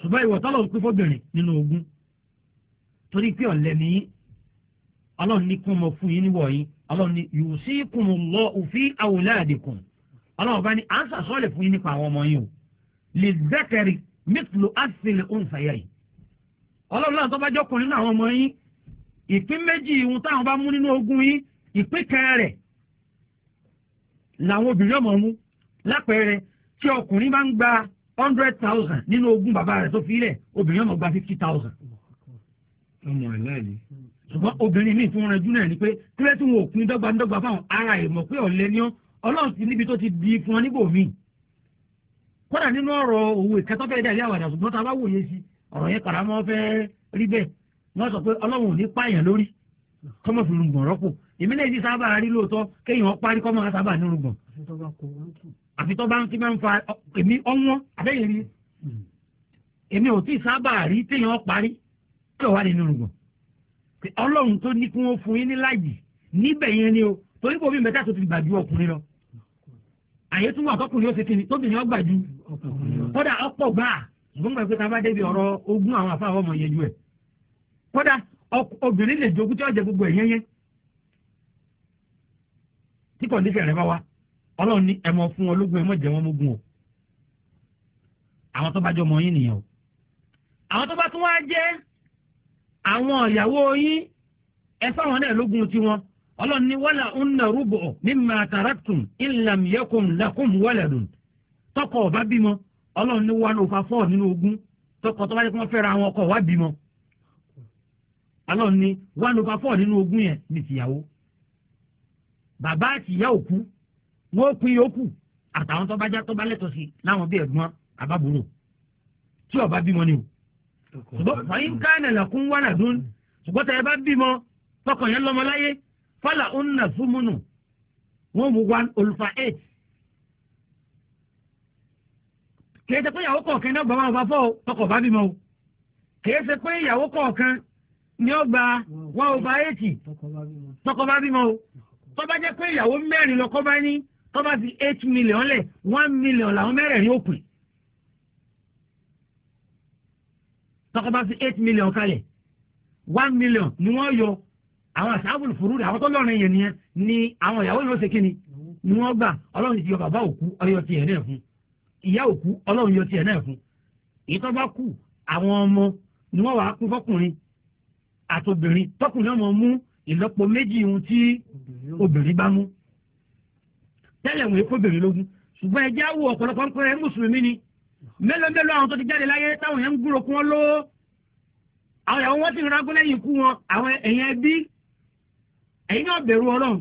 ṣùgbọ́n ìwọ̀tọ́lọ̀ ń pín fọ́bìnrin nínú ogún torí pé ọ̀lẹ́ ọlọ́run ní kún mọ fún yín níwọ̀ yín ọlọ́run ní yusikumullahu fi awladikum ọlọ́run bá ní à ń sàsọ́ọ̀lẹ̀ fún yín nípa àwọn ọmọ yín o lè zakari mithlu asili unsaya yìí ọlọ́run náà tó bá jọkùnrin náà àwọn ọmọ yín ìpín méjì ìhun táwọn bá mú nínú ogún yín ìpín kẹrẹ làwọn obìnrin ọmọ mú lápẹẹrẹ tí ọkùnrin bá ń gba hundred thousand nínú ogún bàbá rẹ̀ tó fi lẹ̀ obìnrin ọmọ gba fifty thousand. ọmọ ẹ̀ láàyè ṣùgbọ́n obìnrin míì tí wọ́n rẹjú náà ni pé kílẹ̀ tí wọn ò pin dọ́gbandọ́gba fáwọn ara ìmọ̀ pé ọ̀lẹ́ ni ọ́ ọlọ́run ti níbi tó ti di fún ọ níbò míì kódà nínú ọ̀rọ̀ òwe kẹtọ́fẹ́ dà yà wàdà ṣùgbọ́n tá a bá wòye sí ọ̀rọ̀ yẹn kàrà mọ́ fẹ́ rí bẹ́ẹ̀ wọ́n sọ pé ọlọ́run ò ní pààyàn lórí kọ́mọ fi rùngbọ̀n rọ́pò èmi náà ti sábà rí lóòótọ́ kéèyàn parí kọ́mọ sábà ní rùngbọ̀n àfi tó bá ń kí máa ń fa èmi ọ̀wọ́n àbẹ́yẹ̀rí hmm. èmi ò tí sábà rí téèyàn parí kí ọ̀wá ní rùngbọ̀n ọlọ́run tó ní kí wọ́n fún yín ní níbẹ̀ yẹn ni o torí bòbí mẹ́ta tó ti gbà ju ọkùnrin lọ àyè tún wà tọkùnrin ó ṣe ni tóbìnrin ọgbà ju kódà ọ̀pọ̀ gbà ṣùgbọ́n gbà pé ká bá débi ọ̀rọ̀ ogún àwọn àfáà ọmọ yẹn ju ẹ̀ kódà obìnrin lè jogún tí ó jẹ gbogbo ẹ̀yẹ́ yẹn tí kọ̀ǹdíṣẹ̀ rẹ bá wa ọlọ́run ní ẹ mọ fún wọn lógún ẹ mọ jẹ wọn mógún o àwọn tó bá jọ mọ yín nìyẹn o àwọn tó bá tún wá jẹ́ àwọn ìyàwó yín ẹ fáwọn náà lógun tiwọn ọlọ́run ní wala unna rubu mimma taraktum in lam yakun lakum waladun tọkọ ọba bímọ ọlọ́run ní one over four nínú ogún tọkọ tọ́ba yẹ kí wọ́n fẹ́ra àwọn ọkọ wa bímọ ọlọ́run ní one over four nínú ogún yẹn ní tìyàwó bàbá àtìyá òkú wọn ó yòókù àtàwọn tọ́ba já tọ́ba lẹ́tọ̀ọ́ sí láwọn bí ẹ̀gbọ́n àbábúrò tí ọba bímọ ni o ṣùgbọ́n fàyín kánà làkún wà ládùn ṣùgbọ́n tẹ̀ ẹ bá bímọ tọkàn yẹn lọ́mọ láyé fọlá ọ̀nà fúnmùnù wọ́n mú one olùfà eight. kì í ṣe pé ìyàwó kọ̀ọ̀kan ní ọgbà wọn bá fọ́ tọkọ̀ bá bímọ o kì í ṣe pé ìyàwó kọ̀ọ̀kan ní ọgbà wọn bá eight tọkọ̀ bá bímọ o tó bá jẹ́ pé ìyàwó mẹ́rin lọ́kọ́ bá ní tó bá fi eight million lẹ̀ one million làwọn mẹ́rẹ̀ẹ̀rin ó pè é. tọkọ bá fi eight million kalẹ̀ one million ni wọ́n yọ àwọn àṣàbùl fúrúdì àwọn tó lọ́rin yẹn nìyẹn ni àwọn ìyàwó yóò ṣe kíni ni wọ́n gbà ọlọ́run ti yọ bàbá òkú ọyọ tiẹ̀ náà fún ìyá òkú ọlọ́run yọ tiẹ̀ náà fún ìtọ́ bá kù àwọn ọmọ ni wọ́n wàá kú fọkùnrin àtobìnrin tọkùnrin ọmọ mú ìlọ́po méjì ohun tí obìnrin bá mú tẹ́lẹ̀ wọ́n èkó obìnrin lógún ṣùgbọ́n ẹjẹ́ àwọ̀ ọ̀pọ̀lọpọ̀ ń pẹ́ mùsùlùmí ni mélòó mélòó àwọn tó ti jáde láyé táwọn yẹn ń gúrò kún wọn lówó àwọn ìyàwó wọn ti ń rágún lẹ́yìn ikú wọn àwọn ẹ̀yìn ẹbí ẹ̀yìn náà bẹ̀rù ọlọ́run.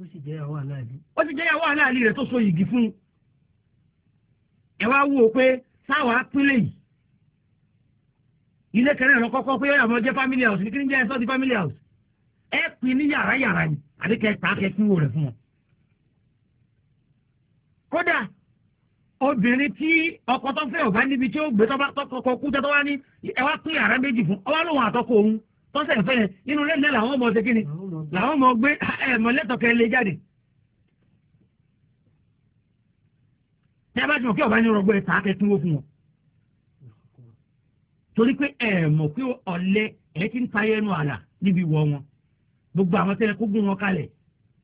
ó sì jẹ́ ìyàwó aláàlí. ó sì jẹ́ ìyàwó aláàlí rẹ̀ tó so yìgì fún un. ẹ wá wò ó pé sáwọn apínlẹ̀ yìí ilé kẹrẹ́ ìran kọ́kọ́ pé ọ̀yàmọ̀ jẹ́ family house ní kí ni jẹ́ ẹ̀sọ́ di family house ẹ pin ní yàrá yàrá ni àbí kẹ ta kẹ kúrò rẹ̀ fún wọn. kódà obìnrin tí ọkọ tó fẹ́ ọ̀gá níbi tí ó gbé tọ́ bá tọkọ kú tẹ́tọ́ wá ní ẹ wá pín yàrá méjì fún ọwọ́ lòun àtọkọ òun tọ́sẹ̀ fẹ́ yẹn nínú lẹ́lẹ́ làwọn ọmọ ṣe kí ni làwọn ọmọ gbé ẹ̀mọ lẹ́tọ̀kẹ́ lé jáde. tí a bá ti mọ̀ kí ọ̀gá ní rọgbọ́ ẹ̀ tà á tún wó fún torí pé ẹ̀mọ̀ pé ọ̀lẹ́ ẹ̀ ti ń ta ẹnu àlà níbi wọ wọn gbogbo àwọn tẹ́lẹ̀ kó gún wọn kalẹ̀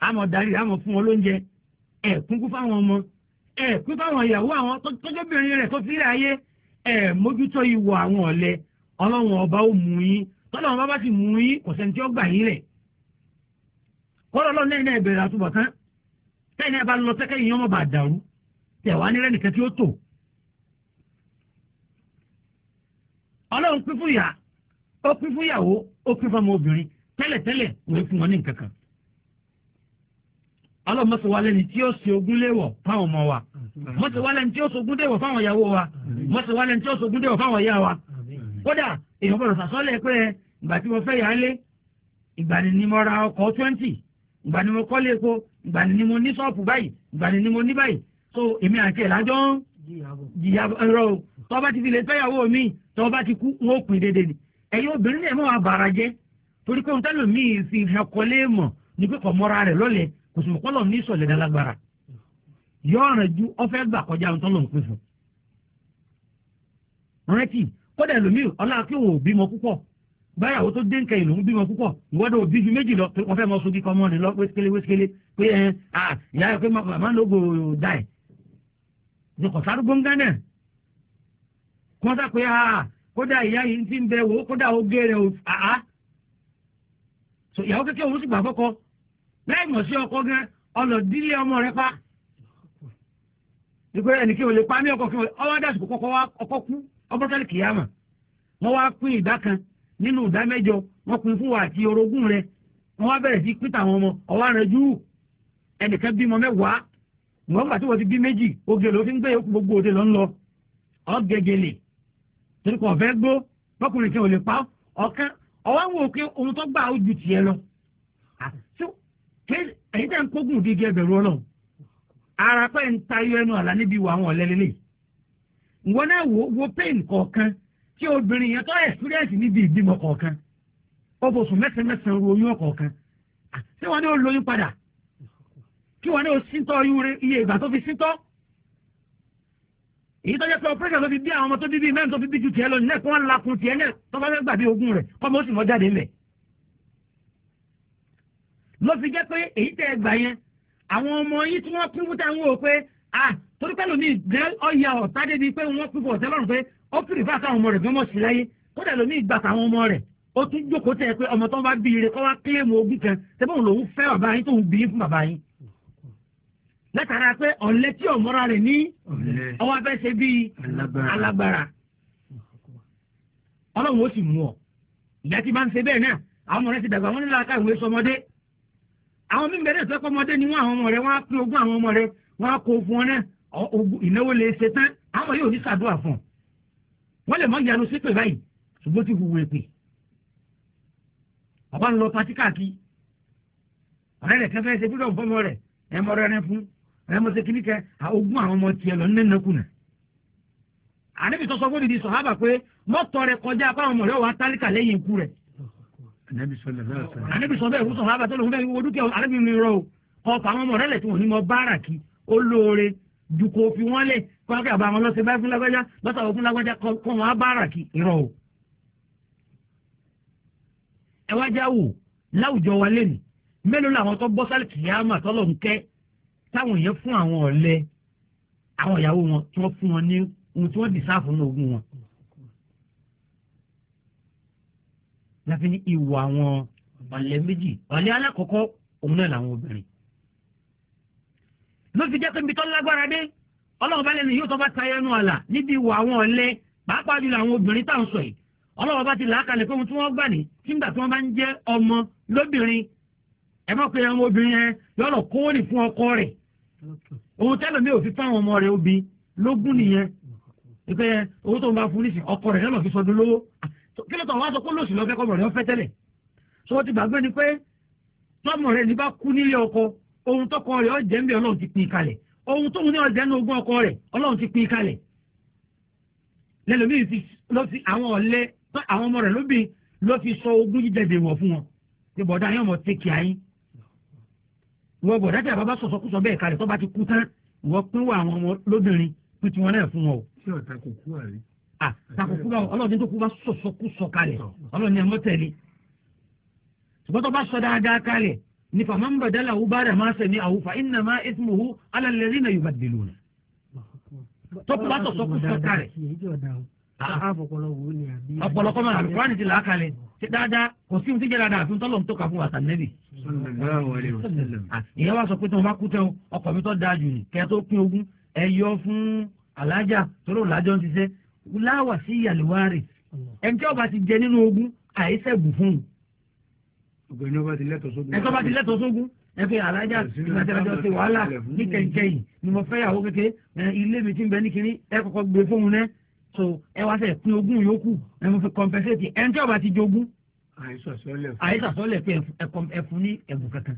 àmọ̀ darí àmọ̀ fún wọn lóúnjẹ ẹ̀kúnkún fáwọn ọmọ ẹ̀ pín fáwọn ìyàwó àwọn tọ́jọ́bìnrin rẹ̀ tó fi rí ayé ẹ̀ mójútó ìwọ̀ àwọn ọ̀lẹ ọlọ́run ọba ó mú yín tọ́lọ́run bá bá ti mú yín kò sẹ́ni tí ó gbà yín rẹ̀ kọ́lọ́ lọ́nà ẹ̀ náà bẹ̀rẹ̀ àtúbọ̀ tán tẹ́yìn náà bá lọ tẹ́kẹ́ yín ọmọ bá dàrú tẹ̀wá nílẹ̀ nìkan tí ó tò ọlọ́run pín fún ìyá ó pín fún ìyàwó ó pín fún ọmọ obìnrin tẹ́lẹ̀tẹ́lẹ̀ wọ́n fún wọn ní nǹkan kan ọlọ́run mọ́sowálẹ́ni tí ó ṣe ogún léwọ̀ fáwọn ọmọ wa wọ́n ti wálẹ̀ tí ó sogún dẹ̀wọ̀ fáwọn ìyàwó wa wọ́n ti wálẹ̀ tí ó sogún dẹ̀wọ̀ fáwọn ìyá wa kódà èèyàn gbọ́dọ̀ sàsọ́lẹ̀ pé ìgbà tí mo fẹ́ yà á lé ìgbà ni ni mo ra ọkọ̀ twenty ìgbà ni mo kọ́lé epo ìgbà ni mo ní ṣọ́ọ̀pù báyìí ìgbà ni mo ní báyìí so èmi àti ẹ̀ lájọ́ ń jìyà ẹ̀rọ o tọ́ bá ti fi lè fẹ́yàwó mi tọ́ bá ti kú wọn ò pin dédé ni ẹ̀yin obìnrin náà mọ̀ wá bàrà jẹ́ torí pé òun tẹ́lẹ̀ mi fi hàn kọ́lé mọ̀ ní pé kọ̀ mọ́ra rẹ̀ lọ́lẹ̀ kò ní ìsọ̀lẹ̀ dálágbára. yọ̀ọ̀ràn ju ọ̀fẹ́ gbà kọjá ohun tó lọ́n pè fún. rántí kódà ẹlòmíì ọlọ́run kí bímọ púpọ̀ tó dé ìlú ń bímọ púpọ̀ ìwọ́dọ̀ òbí ju méjì lọ wọ́n fẹ́ mọ kọ́ mọ́ni lọ wéṣekele wéṣekele pé ẹ à ìyá pé màmá dà ẹ̀ kí wọ́n sá pé à ìyá yìí ti ń bẹ dùgbẹ́ ẹni kí o lè pa mí ọkọ̀ kí o ọwọ́ dàsìkò kọ́kọ́ wá ọkọ̀ kú ọbọ̀tẹ́lì kìyàmà wọ́n wá pín ìdá kan nínú ìdá mẹ́jọ wọ́n pín fún wa àti orogún rẹ wọ́n wá bẹ̀rẹ̀ sí pín tàwọn ọmọ ọwọ́ rẹ jú ẹnìkan bímọ mẹ́wàá wọ́n gbà tí wọ́n ti bí méjì oge ló fi ń gbé yòókù gbogbo òde lọ ń lọ ọ̀gẹ̀gẹ̀lẹ̀ torí kò fẹ́ ara pẹ́ ń tayọ ẹnu àlá níbi ìwà àwọn ọ̀lẹ́lẹ́lẹ́ ìwọ náà wo wo pain kọ̀ọ̀kan tí obìnrin yẹn tó experience níbi ìbímọ kọ̀ọ̀kan ọbọ̀sùn mẹ́sàn-mẹ́sàn ru oyún ọ̀kọ̀ọ̀kan tí wọ́n ní ó lóyún padà kí wọ́n ní ó síntọ́ iye ìgbà tó fi síntọ́ èyí tó jẹ́ pé operation tó fi bí àwọn ọmọ tó bí bíi mẹ́rin tó fi bí ju tiẹ̀ lọ nílẹ̀ kí wọ́n lakun tiẹ̀ náà tó bá fẹ́ gbà bí rẹ̀ kọ́ mọ́ sì mọ́ jáde ńlẹ̀ ló fi jẹ́ pé èyí tẹ́ ẹ gbà yẹn àwọn ọmọ yín tí wọ́n pín fún táwọn wò pé ah torí pẹ́ lómi ìgbẹ́ ọ̀yà ọ̀tá débi pé wọ́n pín fún ọ̀tẹ́ lọ́rùn pé ó pìrìfà káwọn ọmọ rẹ̀ fẹ́ mọ̀ sí láyé kódà lómi ìgbà táwọn ọmọ rẹ̀ ó tún jókòó tẹ̀ pé ọmọ tó ń bá bí ire kọ́ wá kílèmù ogún kan tẹ́bọ̀n lòún fẹ́ bàbá yín tóun bí fún bàbá yín látara pé ọ̀lẹ́ tí ọ̀mọ́ra ní ọwọ́ abẹ́ ṣe bíi alágbára ọlọ́run ó sì mú ọ ìyá ti máa ń ṣe bẹ́ẹ̀ náà àwọn ọmọ rẹ̀ ti dàgbà wọ́n nílò aká ìwé sọmọdé àwọn mímbẹ̀rẹ̀ sọ pé ọmọdé ni wọ́n àwọn ọmọ rẹ̀ wọ́n á pín ogún àwọn ọmọ rẹ̀ wọ́n á kó fún ọ náà ìnáwó lè ṣe tán àwọn yóò ní sàdúrà fún un wọ́n lè mọ ìyanu sípè báyìí ṣùgbọ́n ti hùwù èpè bàbá ń lọ patí káàkiri ọ̀rẹ́ rẹ̀ kẹfẹ́ ṣe fúdọ̀ fọmọ rẹ̀ ẹ̀ mọ rẹ̀ fún ẹ̀ mọ ṣe kíníkẹ́ ogún àwọn ọmọ tiẹ̀ lọ nínú ẹ̀kúnà àníbi sọ anabi sọlẹ bẹẹ sọ anabi sọ bẹẹ wúsọ fábà tọlọ fúnbẹ wo dúkìá anabi mi rọ o ọkọ àwọn ọmọ rẹlẹ tí wọn ní mọ bára kí ó lóore ju kò fi wọn lẹ kọlá kí àbá àwọn lọsẹ báyìí fún lágbájá lọsẹ àwọn fún lágbájá kọ wọn á bára kí irọ o. ẹ wá já wò láwùjọ wa lẹ́nu mélòó làwọn tó bọ́ sálì kìyàmà tọ́lọ̀ ń kẹ́ táwọn yẹn fún àwọn ọ̀lẹ àwọn ìyàwó wọn tí wọ́n fún wọn ní ohun tí wọ́n dì sáà fún ogún wọn láfi ní ìwà àwọn ọ̀lẹ́ méjì ọ̀lẹ́ alákọ̀ọ́kọ́ òun náà làwọn obìnrin. ló fi jẹ́ pé ibi tó lágbára dé ọlọ́run bá lẹ́nu yóò tó bá tayé ẹnu àlà níbi ìwà àwọn ọ̀lẹ́ pàápàá jùlọ àwọn obìnrin tá à ń sọ yìí ọlọ́run bá ti làákàlẹ̀ pé ohun tí wọ́n gbà ní nígbà tí wọ́n bá ń jẹ́ ọmọ lóbìnrin ẹ mọ̀ pé ọmọ obìnrin yẹn yọ̀rọ̀ kóòrì fún ọkọ rẹ̀ òun tẹ́lẹ̀ mi ò fi fáwọn ọmọ rẹ̀ obì lógún nìyẹn ìpẹ́ owó tó ń bá fún nísìn ọkọ rẹ̀ lọ́nà fi sọdún lówó kí ló tàn wá sọ pé lóṣù lọ́fẹ́ kọ́mọ̀ rẹ̀ ọ̀fẹ́ tẹ́lẹ̀ sọ wọ́n ti gbàgbé ni pé tọ́mọ rẹ̀ ní bá kú nílé ọkọ ohun tọkọ rẹ̀ ọ̀jẹ̀ ń bẹ ọlọ́run ti pín kalẹ̀ ohun tóun ní ọ̀jẹ̀ ní ogún ọkọ rẹ̀ ọlọ́run ti pín kalẹ̀ lẹ́lòmíì ti lọ sí àwọn ọ̀lẹ́ àwọn ọmọ rẹ̀ lóbìn ló fi sọ ogún jíjẹ dè wọ̀ fún wọn ti bọ̀dá yóò mọ̀ tẹ́kì ayín wọ́n bọ̀dá tí a bàbá sọ̀sọ̀ kúsọ̀ bẹ́ẹ̀ kalẹ̀ tó bá ti kú tán wọ́n pínwó àwọn ọmọ lóbìnrin pín tiwọn náà fún wọn o. ṣé ọ̀tá kò kú àrí àtàkùkù bá ọlọ́ọ̀dún tó kú bá sọ̀sọ́kú sọ kalẹ̀ ọlọ́ọ̀ni ẹ̀ mọ́tẹ̀lé ṣùgbọ́n tó bá sọ dáadáa kalẹ̀ ní fàmà ń bàdálà wú bára máa sẹ̀mí àwùfà iná máa ìtumùhù alálẹ́rí náà yóò bá dìlú nà tó kú bá sọ̀sọ́kú sọ kalẹ̀ ọ̀pọ̀lọpọ̀ máa àlùkò àti tìlà kalẹ̀ ṣe dáadáa kò sí ohun tí jẹ́ra dáa fún tọ́lọ̀ tó kà fún wàtà nẹ́bì. ìyá wa sọ pé tí wọn bá kú tẹ́ ọkọ̀ mi tó dáa jù ní kẹ́ tó pín ogún ẹ yọ fún alájà tó lóun lájọ́ ń ṣiṣẹ́ láwà sí ìyàlúwárì ẹni tí ọba ti jẹ nínú ogún àìsẹ̀ bù fún un. ẹni ọba ti lẹ́tọ̀ọ́ sógún ẹ fi alájà ìgbàjọba ti wàhálà ní kẹ̀kẹ́yìn ni mo fẹ́ yàwó kékeré ilé mi ti ń bẹ ní kiri ẹ kọ́kọ́ gbé fóun náà so ẹ wá sẹ pín ogún yòókù ẹ mo fi compensate ẹni tí ọba ti jogún àìsàsọ́lẹ̀ pé ẹfun ní ẹ̀bùn kankan.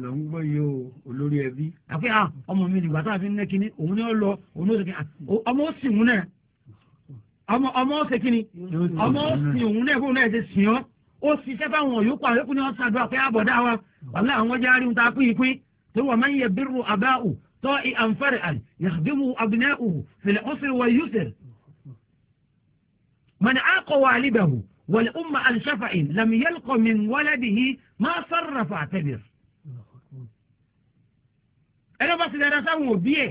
lọ ń gbọ́ yìí o olórí ẹbí. àfi ah, ọmọ mi nìgbà tá a fi ń nẹ́kíní òun ni ó lọ òun ó sọ pé ah, ọmọ ó sì mú náà ọmọ ọmọ ọ̀sẹ̀ kínní ọmọ ọ̀sìn òun náà fóun náà ṣe sìn ọ́ ó ṣiṣẹ́ fáwọn yòókù àwọn yòókù ni wọ́n ṣàdúrà pé àbọ̀dá wa wàlá àwọn jẹ́ àríwú tá a pín ìpín tó wà máa ń yẹ bírù àbáhù tó àǹfààrẹ̀ àlè yàgbéwò abinẹ́hù fìlẹ̀ ọ̀sìn wà yusuf mọ̀nà àkọ́ wà alíbẹ̀hù wọ̀lẹ̀ ọmọ alṣafàì làmìyẹ́lkọ̀ mi wọ́lẹ́dìhì máa sọ̀rọ̀fà àtẹ̀bìr. ẹ̀rọ bá ti dára sáwọn òbí ẹ̀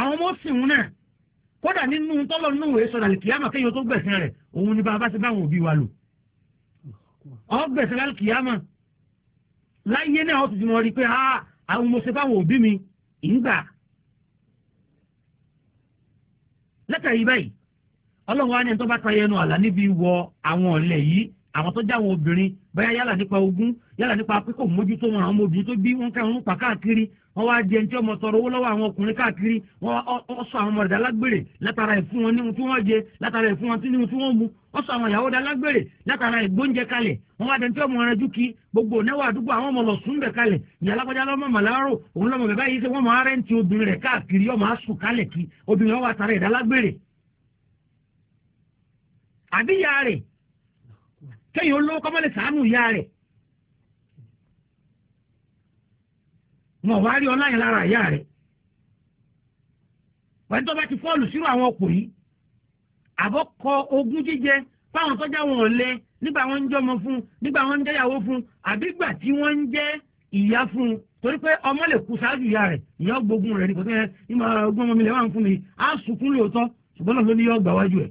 àwọn ọmọ ọ̀sìn náà kódà nínú tọ́lọ̀ nínú ìwé sọ̀rọ̀ àlìkìyàmà kéèyàn tó gbẹ̀sìn rẹ̀ òun ni bàbá ti báwọn òbí wa lò ọ gbẹ̀sìn àlìkìyàmà láyé náà ó ti mọ̀ rí pé àwọn mo ṣe báwọn òbí mi ìgbà lẹ́tà yìí báyìí ọlọ́run wa ní ẹni tó bá tayẹnu àlá níbi wọ àwọn ọ̀lẹ́ yìí àwọn tó jáwọn obìnrin bóyá yálà nípa ogún yálà nípa pé kò mójútó wọn àwọn obìnrin tó bí wọn kẹrin ń pa káàkiri wọn wá di ẹni tí ọmọ tọrọ owó lọ́wọ́ àwọn ọkùnrin káàkiri wọn wá sọ àwọn ọmọ rẹ̀ dálágbèrè látara ìfún wọn níhun tí wọ́n jẹ látara ìfún wọn níhun tí wọ́n mu wọ́n sọ àwọn ìyàwó dálágbèrè látara ìgbóúnjẹ kalẹ̀ wọn wá di ẹni tí ọmọ rẹ̀ júkì gbogbo onáwó àdúgbò àwọn ọmọ lọsùn bẹ kalẹ̀ ìyàlágbájá lọmọ màláàrò òun lọmọ bẹbá yìí ṣe wọn máa rẹǹtì obìnrin rẹ̀ kéèyàn olówó kọ́mọ́ lè sàánú ìyá rẹ̀ wọn wá rí ọlá yẹn lára ìyá rẹ̀ wọ́n tó bá ti fọ́ọ̀lù sírò àwọn ọkọ̀ yìí àbọ̀kọ ogún jíjẹ fáwọn tọ́jà wọn lẹ nígbà wọn ń jẹ́ ọmọ fún nígbà wọn ń jẹ́ ìyàwó fún àbígbà tí wọ́n ń jẹ́ ìyá fún torí pé ọmọ lè kú ṣáájú ìyá rẹ̀ ìyá ọgbógun rẹ̀ ní kò tẹ́ ẹ ní ọmọ mi lè wà fún mi á sunkún lóòótọ́ ṣùgbọ́n náà ló ní yọ ọgbà wájú ẹ̀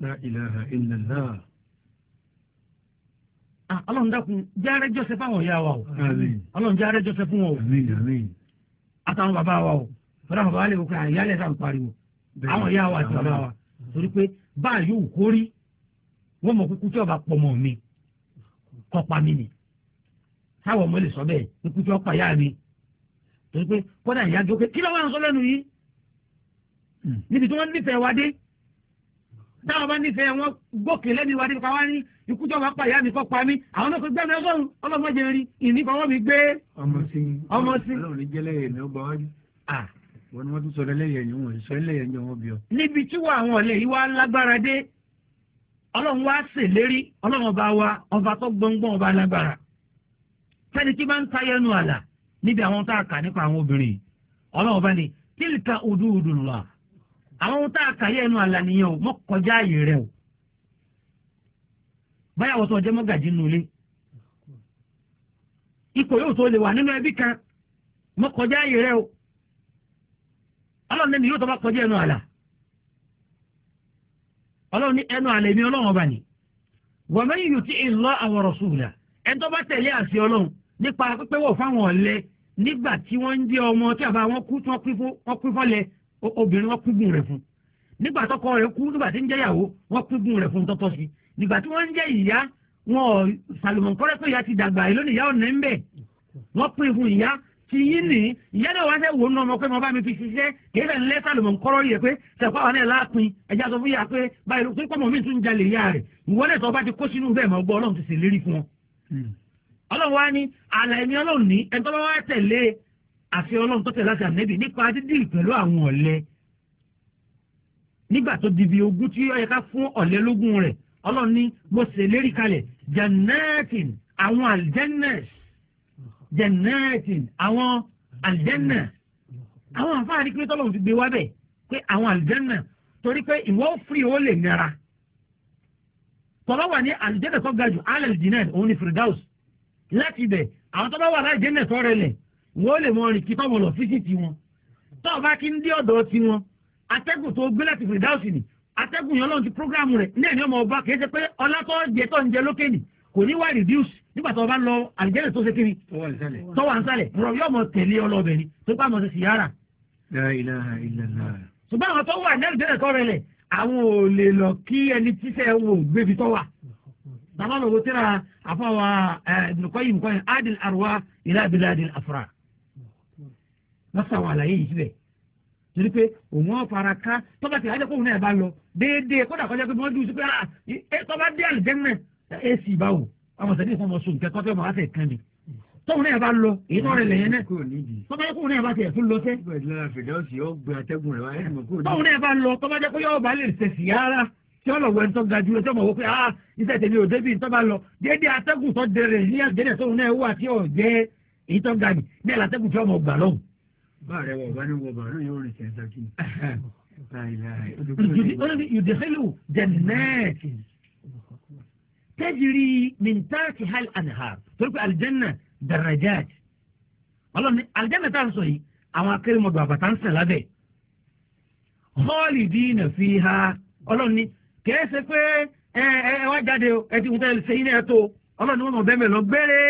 la ilaha illallah. Ah, ọlọ́run dákun járe jọ́sẹ̀ fáwọn ìyá wa o ọlọ́run járe jọ́sẹ̀ fún wọn o àtàwọn bàbá wa o fọlá bàbá wa lè wò pé àyálẹ̀ ah, sàn pariwo àwọn ìyá wa àti bàbá wa torí pé báyìí ò kórí wọ́n mọ̀ kúkú tí ọba pọ̀ mọ́ mi kọ́pa mi ni táwọn ọmọ lè sọ bẹ́ẹ̀ kúkú tí ọpa yá mi torí pé kọ́dà ìyá jókè kí ló wà sọ lẹ́nu yìí hmm. níbi tí wọ́n nífẹ̀ẹ́ wa dé táwọn bá nífẹ̀ẹ́ wọn gòkè lẹ́nu wa nípa wá ní ikújọ́ wa pa ìyá mi kọ́ pa mí àwọn náà kò gbẹ́mí ọgọ́rùn ọlọ́mọdé rí ìnífọwọ́ mi gbé. ọmọ sí ọmọ sí ọlọ́run ní jẹ́lẹ̀ èmi ó gbà wá jù. wọn ni wọn tún sọ lẹ́lẹ́yẹ̀ yẹn wọn sọ lẹ́lẹ́yẹ̀ yẹn wọn bí ọ. níbi tí wọn àwọn ọ̀lẹ́ yìí wá lágbára dé ọlọ́run wá ṣèlérí ọlọ́run ọba wa ọba tó gbọ́ngbọ́n ọba lágbára. fẹ́ni tí bá ń tayẹnu àlà níbi àwọn tá a kà nípa àwọn obìnrin ọlọ́run ọba ni tílíkà òdúdùn lọ́wọ́ àwọn ohun tá a kàyé ẹnu àlànìyàn ò mọ kọjá ààyè rẹ o báyàwó tó ọjọ́ mọ́gàjì nulẹ̀ ipò yóò tó lè wà nínú ẹbí kan mọ kọjá ààyè rẹ o ọlọ́run ní yóò tó bá kọjá ẹnu àlà ọlọ́run ní ẹnu àlà èmi ọlọ́run ọba ni wọ́n mẹ́yìn yóò ti ìlọ àwọn rọ̀ṣùlà ẹni tó bá tẹ̀lé àṣẹ ọlọ́run nípa pípẹ́ fáwọn ọ̀lẹ nígbà tí wọ́n ń jẹ́ ọmọ tí àbá wọn kú tí wọ́n pín fọ́ obìnrin wọn kúgùn rẹ̀ fún nígbà tọkọ rẹ̀ kú nígbà tí ń jẹ́ ìyàwó wọn kúgùn rẹ̀ fún tọ́tọ́ sí nígbà tí wọ́n ń jẹ́ ìyá wọn ò sàlùmọ̀ kọ́rẹ́ pé ìyá ti dàgbà yìí lónìí ìyá ò ní ń bẹ̀ wọ́n pín fún ìyá ti yín nì ìyá náà wáṣẹ́ wò ná ọmọ pé mo bá mi fi ṣiṣẹ́ kì í fẹ́ lẹ́ sàlùmọ̀ kọ́rọ́ yẹ pé tẹ̀kọ́ àwọn náà láàpin ẹja sọ fún ìyá pé báyìí pé pọ́nmọ́ mi tún jalè ìyá rẹ̀ ìwọlé tó bá ti kó sínú bẹ́ẹ̀ mọ́ gbọ́ ọlọ́run ti ṣèlérí fún wọn. Hmm. ọlọ́run wá ní àlàyé mi ọlọ́run ní ẹni tó bá wá tẹ̀lé àti ọlọ́run tó tẹ̀ láti ànẹ́bì nípa dídì pẹ̀lú àwọn ọ̀lẹ nígbà tó di bí ogún tí ó yẹ ká fún ọ̀lẹ lógún rẹ̀ ọlọ́run ní mo ṣèlérí kalẹ̀ jannatin àwọn aljannas jannatin àwọn aljanna àwọn àǹfààní pé tọ́lọ́run fi gbé wá bẹ̀ pé àwọn aljanna torí pé ìwọ́ fúri ó lè nira tọ́lọ́ wà ní aljanna tó ga jù alẹ́ jìnnà òun ni firdaus láti ibẹ̀ àwọn tọ́lọ́ wà láì jẹ́nẹ̀ tọ́rẹ̀ lẹ̀ wọ́n lè mọ rìn kí tọ́wọ́ lọ fíṣì tí wọn tọ́ọ̀ bá kí ń dé ọ̀dọ̀ tí wọn atẹ́gùn tó gbé láti fèrè dáhùsì ni atẹ́gùn yẹn lọ́n ti prógrámù rẹ̀ ní ẹ̀ní ọmọ ọba kìí ṣe pé ọlá tó jẹ tó ń jẹ lókè nì kò ní wá reduce nígbà tó o bá lọ àlùjẹ́rẹ̀ tó ṣe kiri tọ́wọ́ ànsálẹ̀ ni tó bá mọ̀ ṣe ṣìyára. ṣùgbọ́n àwọn tó wà ní àlùjẹ́rẹ̀ tó ò lè lọ kí ẹni tíṣẹ́ wò gbébi tó wà. bàbá mi wo tíra àfọwà ẹ̀ẹ́dùnkọ́yìn eh, nǹkan adil arwa ila biladil afra wọ́n sàwọn àlàyé yìí síbẹ̀ torí pé òun ọ̀fara ká tọ́ba tí ajẹ́ kóun náà bá lọ déédéé kódà kọjá pé wọ́n dùn sí pé ah, tọ́ba dé àlùjẹ́mẹ̀ ẹ̀ sì bá wò àwọn sẹ́ni fún ọmọ sùn kẹ́kọ́ fẹ́ mọ̀ wá sẹ̀ kán ni tọ́hun náà bá lọ èyí tó rẹ̀ lẹ́yìn náà tọ́ba yẹ kóun náà bá tiẹ̀ tún lọ sẹ́. tọ́hun náà bá lọ tọ́ba jẹ́ pé yọ̀ọ́ bá lè ṣèṣì yára tí ó lọ wẹ̀ tó ga jùlọ tí ó mọ̀ wò pé ah iṣẹ́ tèmi ò débi tó bá lọ déédéé atẹ́gùn tó dẹrẹ̀ ní àgbẹ̀dẹ̀ tóun náà wà tí ò jẹ́ èyí tó ga nì bẹ́ẹ̀ látẹ́gùn tí ó mọ̀ gbà lọ́hùn bá rẹ wọ̀ bá ní wọ̀ bá náà yóò rìn kẹta kí ni. ìdíkẹ́lù jẹ̀nẹ́ẹ̀tì tẹ́jìrì mìntáàtì hàl àdìhà torí pé àlìjẹ́nà dàrájáàtì ọlọ́ni àlìjẹ́nà tá à ń sọ yìí àwọn akérèmọdò àbàtà ń sẹ̀ lábẹ́ họ́ọ̀lì dínà fi ha ọlọ́ni kìí ṣe pé ẹ ẹ wá jáde ẹ ti wùtẹ́ ṣe yín ẹ tó ọlọ́ni wọn mọ̀ bẹ́ẹ̀ mẹ́ lọ gbére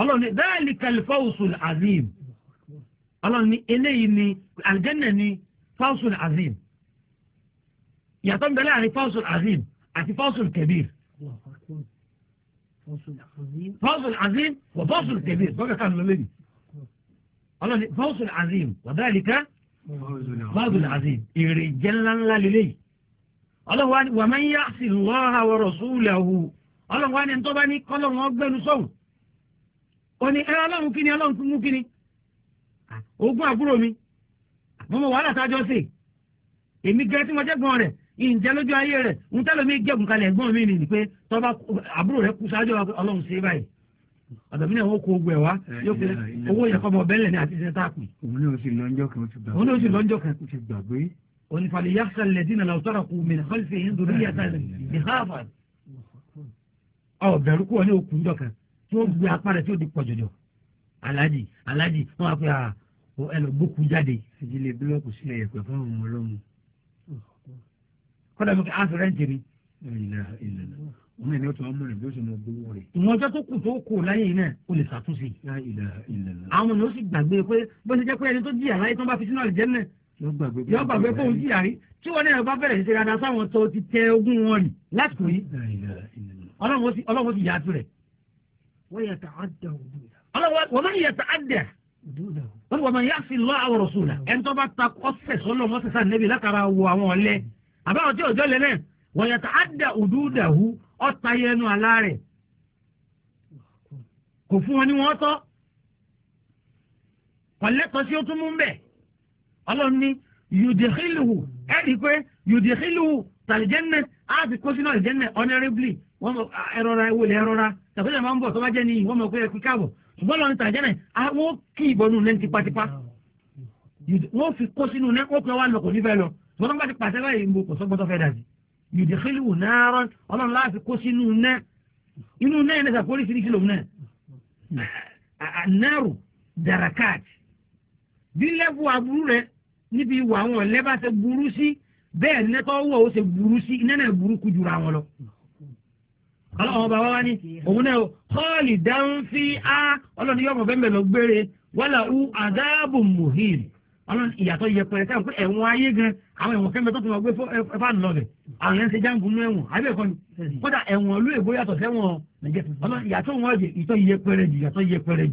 ọlọ́run ní dáàlì kàlífàwùsùn azim ọlọ́run ní eléyìí ní àlìjẹ́nà ní fàwùsùn azim yàtọ̀ nbẹ̀lẹ̀ àrí fàwùsùn azim àti fàwùsùn kẹbíir fàwùsùn azim wà fàwùsùn kẹbíir bọ́kẹ́ kan ló lẹ́yìn ọlọ́run ní fàwùsùn azim wà dáàlì ká fàwùsùn azim èrè jẹ́ ńláńlá lélẹ́yìn ọlọ́run wà máa ń yá sí lọ́ha wọ ọlọ́run wá ní ẹni ní kọ́lọ́run ọgbẹ́nu sọ́hùn ó n'i ẹ ọlọ́run kí ni tún mú kí ogún àbúrò mi mo mọ wàhálà sáájọ sí èmi gẹ tí mo jẹ gbọn rẹ ìǹjẹ lójú ayé rẹ ń tẹ́lẹ̀ mi gẹ̀gùn kalẹ̀ ẹ̀gbọ́n mi nìyí pé tọ́ba àbúrò rẹ kú sáájọ ọlọ́run sí báyìí ọ̀dọ̀ mi náà wọ́n kó ogun ẹ̀ wá yóò fi owó ọmọ ní àti o ti gbàgbé. òun yàtọ̀ lẹ́dínà kù mí fi yàtọ̀ ọ̀ bẹ̀rù tó gbé apá rẹ̀ tí ó di pọ̀ jọjọ aláàjì aláàjì wọn á ah, o á ẹlòmókù jáde. ìdílé búlọ́ọ̀kù sílẹ̀ yẹ̀pẹ̀ fún àwọn ọmọ ọlọ́mù kọ́dà ah, mi kì á sọ rẹ́ǹtì mi. wọ́n yẹn ní ọ̀tún ọmọ rẹ̀ bí ó ṣe mọ gbowó rẹ̀. ìwọ̀n ọjọ́ tó kù tó kù láyé yìí náà o lè ṣàtúnṣe. àwọn ènìyàn sì gbàgbé pé bó ṣe jẹ́ pé ẹni tó jìyà láyé tó ń bá fi sínú àlùjẹ́ náà yọ gbàgbé pé òun jìyà rí tí wọ́n náà bá bẹ̀rẹ̀ ṣe dáadáa sáwọn tó ti tẹ ogún wọn rì lásìkò yìí ọlọ́run ó sì yá tu rẹ̀ wọ́n yẹ ta àdà òdúdà. ọlọ́wọ́ wọ́n máa yẹ ta àdà òdúdà. wọ́n wọ́n máa yá sí lọ́ àwọn rọ̀sùn náà. ẹni tó bá ta ọ̀sẹ̀ sọ́lọ́ wọn sẹ́sà nẹ́bí látara wo àwọn ọ̀lẹ́. àbáwọ̀ tí òjò lẹ́lẹ̀ wọ́n yẹ ta àdà òdúdà hu ọ̀ta yẹnu àlá rẹ̀. kò fún wọn ní wọ́n tọ́. kọ̀lẹ́tọ̀ sí ó tún mú bẹ́ẹ̀. ọlọ́run ní yòdìhìlù ẹ̀rí pé yòdìhìlù tàlìjẹ́nẹ̀ á fi kó sínú àlìjẹ́nẹ̀ honorably wọ́n ẹ̀rọra ìwòlẹ̀ ẹ̀rọra tàbílẹ̀ máa ń bọ̀ tó bá jẹ́ ní ìwọ́n mọ̀ pé ẹ kú káàbọ̀ ṣùgbọ́n lọ́nà tàjẹ́ náà wọ́n kí ìbọnú lẹ́nu tipátipá wọ́n fi kó sínú náà wọ́n pè wá lọ́kọ̀ nífẹ̀ẹ́ lọ ṣùgbọ́n lọ́nà bá ti pàṣẹ báyìí mo kò sọ́gbọ́tọ̀ fẹ́ dàbí yùdìkìlì wù náírọ̀ ọlọ́run láàfin kó sínú náà inú náà yẹn sàkórí sí kìlò náà náírù darakat bí lẹ́bù aburú rẹ níbi ìwà àwọn lẹ́bà ṣe burú sí bẹ́ẹ̀ nẹ́tọ́ ó ṣe burú sí iná náà burú kú lọ. ọlọ́wọ́n bá wá wá ní òun náà kọ́ọ̀lì dáhùn sí á ọlọ́ni yọ̀bọ̀ bẹ́ẹ̀ lọ gbére wọ́là ú àdáàbò muhim ọlọ́ni ìyàtọ̀ yẹpẹrẹ sáà pé ẹ̀wọ̀n ayé gan àwọn ẹ̀wọ̀n kẹ́mẹ́ tó ni ẹ̀wọ̀n olú èbó yàtọ̀ sẹ́wọ̀n ìyàtọ̀ wọn yẹpẹrẹ jù ìyàtọ̀ yẹpẹrẹ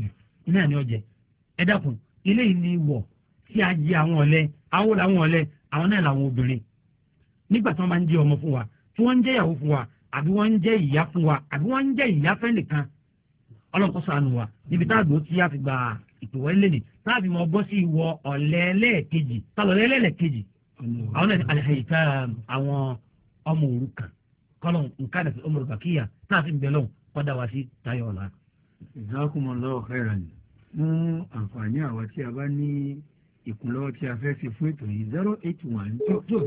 jù àbí wọ́n ń jẹ́ ìyá fún wa àbí wọ́n ń jẹ́ ìyá fẹ́ nìkan ọlọ́run wa níbi táàgbó tí a fi gba ìtòwọ́ ni táàbí mo bọ́ sí ìwọ ọ̀lẹ́lẹ́ẹ̀kejì tálọ̀lẹ́lẹ́ẹ̀kejì àwọn àlẹ́hẹ̀yìká àwọn ọmọ òrukàn kọ́lọ̀n nǹkan àti ọmọ òrukàn kíyà táàfi ń bẹ lọ́hùn kọ́dà wá sí tayọ̀ ọ̀la. jazakumullahu khairan mú àǹfààní àwa tí a bá ní ìkúnlọ́wọ́ tí a fẹ́ ṣe fún ètò yìí zero eight one two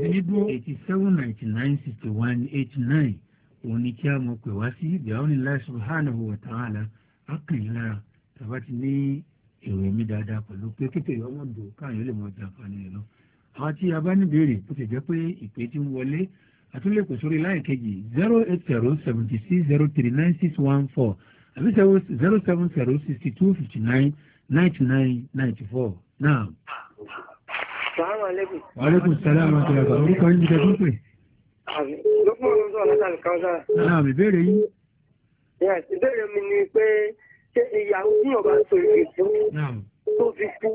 eighty seven ninety nine sixty one eighty nine òun ni kí a mọ̀ pé wá sí ìbíọ́nì láì subhanahu wa ta'ala á kàn yín lára tàbá ti ní èrò mi dáadáa pẹ̀lú pé kékeré ọmọ dùn káàyàn lè mọ jàǹfààní rẹ̀ lọ. àwọn tí a bá ní béèrè bó ti jẹ́ pé ìpè ti ń wọlé àtúnlẹ̀kọ̀ sórí láì kejì zero eight zero seventy six zero three nine six one four àbí zero seven zero sixty two fifty nine ninety nine ninety four náà. wàhálà aleykum. wàhálà aleykum salaam àti àgbà orúkọ yín ti dẹ́kun pé. Àmì ìbéèrè yín. Ìbéèrè mi ni pé ṣé ìyàwó ní ọba tó ìrìn fún tó fi kú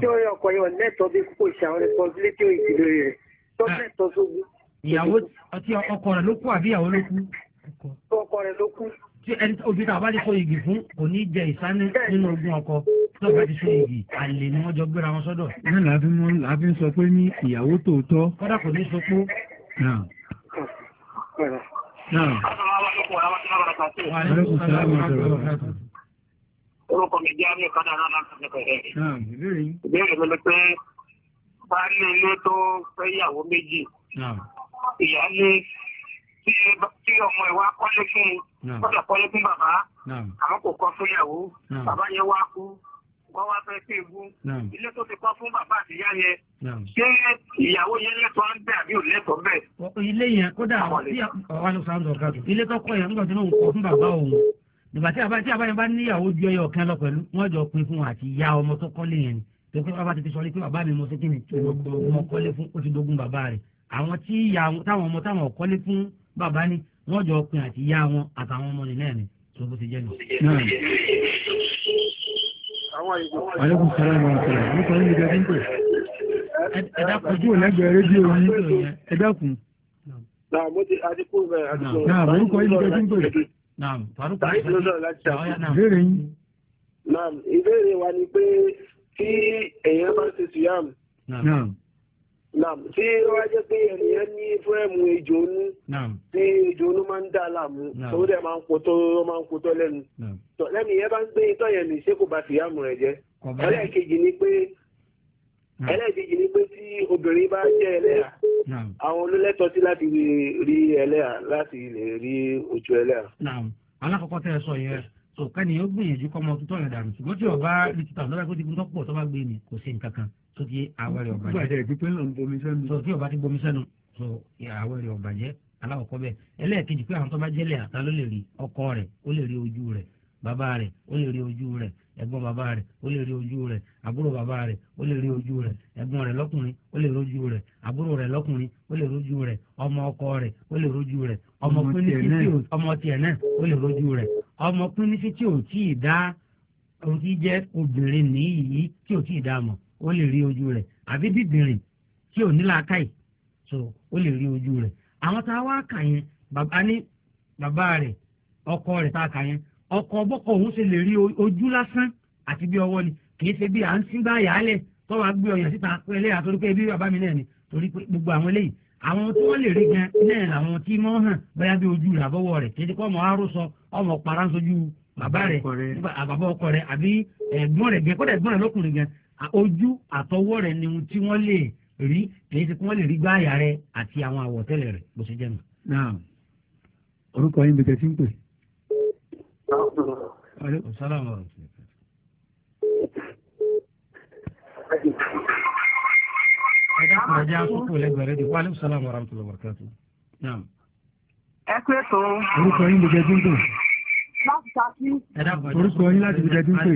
tí ó yẹ ọkọ yẹn lẹ́tọ̀ọ́ bí kò ṣe àwọn responsibility ìdílé rẹ̀ tó lẹ́tọ̀ọ́ sógun. Ìyàwó àti ọkọ rẹ̀ ló kú àbí ìyàwó ló kú? Ọkọ rẹ̀ ló kú. Tí ẹni tó obìnrin àbá ti so igi fún kò ní jẹ ìsáná nínú ogún ọkọ tó bá ti so igi àlè ni wọ́n jọ gbéra wọn sọ́dọ̀. Náà làá fi ń sọ pé ní ìyàwó tòótọ́. Kọ́dà kò ní sọ pé نعم نعم وعليكم السلام ورحمة الله وبركاته orúkọ mi jẹ́ àmì ọ̀kadà náà láti ṣẹ̀kọ̀ ẹ̀. ìbéèrè mi ni pé parí ilé tó fẹ́ ìyàwó méjì ìyá ní tí ọmọ ẹ̀ wá kọ́lé fún un kọ́lé fún bàbá àmọ́ kò kọ́ fún ìyàwó bàbá yẹn wá kú wọ́n wá fẹ́ sí egun ilé tó ti kọ́ fún bàbá àtìyá yẹn ṣé ìyàwó yẹn lẹ́tọ̀ọ́ ń bẹ̀ àbí ò lẹ́tọ̀ọ́ bẹ̀. ilé yẹn kódà ọ̀wá ló sàn dọ̀ka tó ilé tó kọ́ yẹn nígbà tí wọ́n kọ́ fún bàbá òun nígbà tí àbá tí àbá yẹn bá níyàwó ju ẹyọ kan lọ pẹ̀lú wọ́n jọ pin fún àti ya ọmọ tó kọ́lé yẹn ni pé bàbá ti ti sọ pé bàbá mi mo ṣe kí ni mo kọ́lé fún ó ti dógún bàbá rẹ̀ àwọn tí ìyá táwọn ọmọ táwọn kọ́lé fún bàbá ni wọ́n jọ pin àti ya wọn àtàwọn ọmọ nìyẹn ni tó bó ti jẹ́ nù. Àlékún sọ́rọ̀ ìmọ̀ ọ̀sẹ̀ nípa ní ìjọ tí ń pè. Ẹ̀dàkùnjú lẹ́gbẹ̀ẹ́ rédíò yín ẹ̀dàkùn. Náà mo ti àdínkù rẹ̀ àdínkù. Náà orúkọ ìjọ tí ń pè. ìbéèrè wa ni pé kí èèyàn bá ṣe sùyàmù. Naam, tí ó wá jẹ́ pé ènìyàn ní fúrẹ́mù ejò onú. Naam. Tí ejò onú máa ń dà láàmú. Naam. Tó dẹ̀ máa ń potó máa ń potó lẹ́nu. Naam. Tọ́ lẹ́nu yẹn bá ń gbé itọ́ yẹn nì ṣé kò bá fìyàmù rẹ̀ jẹ́. Ẹlẹ́ẹ̀kejì ni pé ẹlẹ́ẹ̀kejì ni pé tí obìnrin bá jẹ́ ẹlẹ́yà. Àwọn olólẹ́tọ̀ọ́ sí láti rí ẹlẹ́yà láti lè rí ojú ẹlẹ́yà. Naam. Alákọ̀ọ́kọ́ tẹ́ ẹ sọ yẹn so kẹ́ni ó gbìyànjú kọ́mọ tuntun ọ̀rẹ́ dànù ṣùgbọ́n tí ọba ní títà lọ́wọ́ ẹgbẹ́ tó di àwẹ̀ rẹ̀ ọ̀bàjẹ́. bàjẹ́ ìpínpín náà ń bomi sẹ́nu. tó tí ọba ti bomi sẹ́nu tó àwẹ̀ rẹ̀ ọ̀bàjẹ́ aláwọ̀kọ́ bẹ́ẹ̀ ẹlẹ́ẹ̀kejì pé àwọn tó bá jẹ́lẹ̀ àtà ló lè rí ọkọ rẹ̀ ó lè rí ojú rẹ̀ bàbá rẹ̀ ó lè rí ojú rẹ̀ ẹ̀gbọ́n bàbá rẹ̀ ó lè rí ojú rẹ̀ àbúrò bàbá rẹ̀ ó lè rí ojú rẹ̀ ẹ̀gbọ́n rẹ̀ lọ́kùnrin ó lè rójú rẹ̀ àbúrò rẹ̀ lọ́kùnrin ó lè rójú rẹ̀ ọmọ ọkọ rẹ̀ ó lè rójú rẹ̀ ọmọ tiẹ̀ náà ó lè rójú rẹ̀ ọmọ pínífì ò tí dá ohun jẹ́ obìnrin nìyí tí ò tí dá mọ̀ ó lè rí ojú rẹ̀ àbí dídìrín tí ò ní làákàyè so o lè rí ojú rẹ̀ àwọn tá a wá kà yẹn bàbá ní bàbá rẹ̀ ọkọ rẹ̀ tá a kà yẹn ọkọ bọ́kọ òun ṣe lè rí ojú lásán àti bí ọwọ́ ni kì í ṣe bí à ń sín bá yàálẹ̀ tọ́wọ́ gbé ọyàn síta ẹlẹ́yà torí pé bí bàbá mi náà ni torí pé gbogbo àwọn eléyìí àwọn tí wọ́n lè rí gan náà làwọn tí mọ́ hàn bóyá bí ojú rẹ̀ àbọ̀wọ̀ rẹ̀ kì í ṣe kọ́ ọmọ arúsọ ọmọ paraṣojú bàbá rẹ̀ bàbá ọkọ rẹ̀ àbí ẹ̀gbọ́n rẹ̀ gẹ́gẹ́ kọ́dà ẹ̀gbọ́n rẹ̀ lọ́kùnrin gan ojú àtọwọ́ rẹ̀ ni ohun tí wọ́n lè rí kì í ṣe kí wọ́n lè rí gbáàyà rẹ̀ àti àwọn àwọ̀tẹ́lẹ̀ rẹ̀ bó ṣe jẹ́ nù. orúkọ yín bẹ̀tẹ̀ sí ń pè. ẹ dákun ẹja àkókò lẹgbẹrẹ di wàhálà sàlámù warahmatullahi wabarakatuh. ẹ pé tó. orúkọ yín bẹ̀tẹ̀ sí ń pè. Ṣakí. Orúkọ yín láti fi jẹ́jú pé.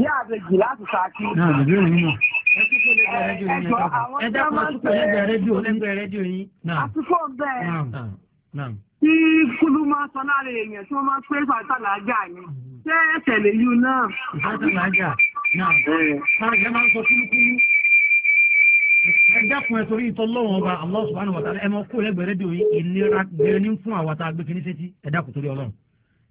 Ní àbejì láti Ṣakí. Náà lè bẹ̀rẹ̀ yín náà. Ẹ̀jọ̀ àwọn German bẹ̀rẹ̀. Àtúkọ̀ bẹ́ẹ̀. Tí kúlú máa sọ láàrin èèyàn tí wọ́n máa pé fàtàlájà yẹn. Ṣé ẹ̀tẹ̀lẹ̀ yìí náà? Fàtàlájà náà. Fàtàlájà máa ń sọ kúlúkúlú ẹgbẹ́kùn ẹ̀ torí ìtọ́lọ́wọ́n ọba Allah subhanahu wa ta'ala ẹmọ kó lẹ́gbẹ̀ẹ́ rédíò ìnira gbẹ̀rẹ̀ ní fún àwọn àtàgbẹ̀kẹ́ ní sétí ẹ̀dá kò torí ọlọ́run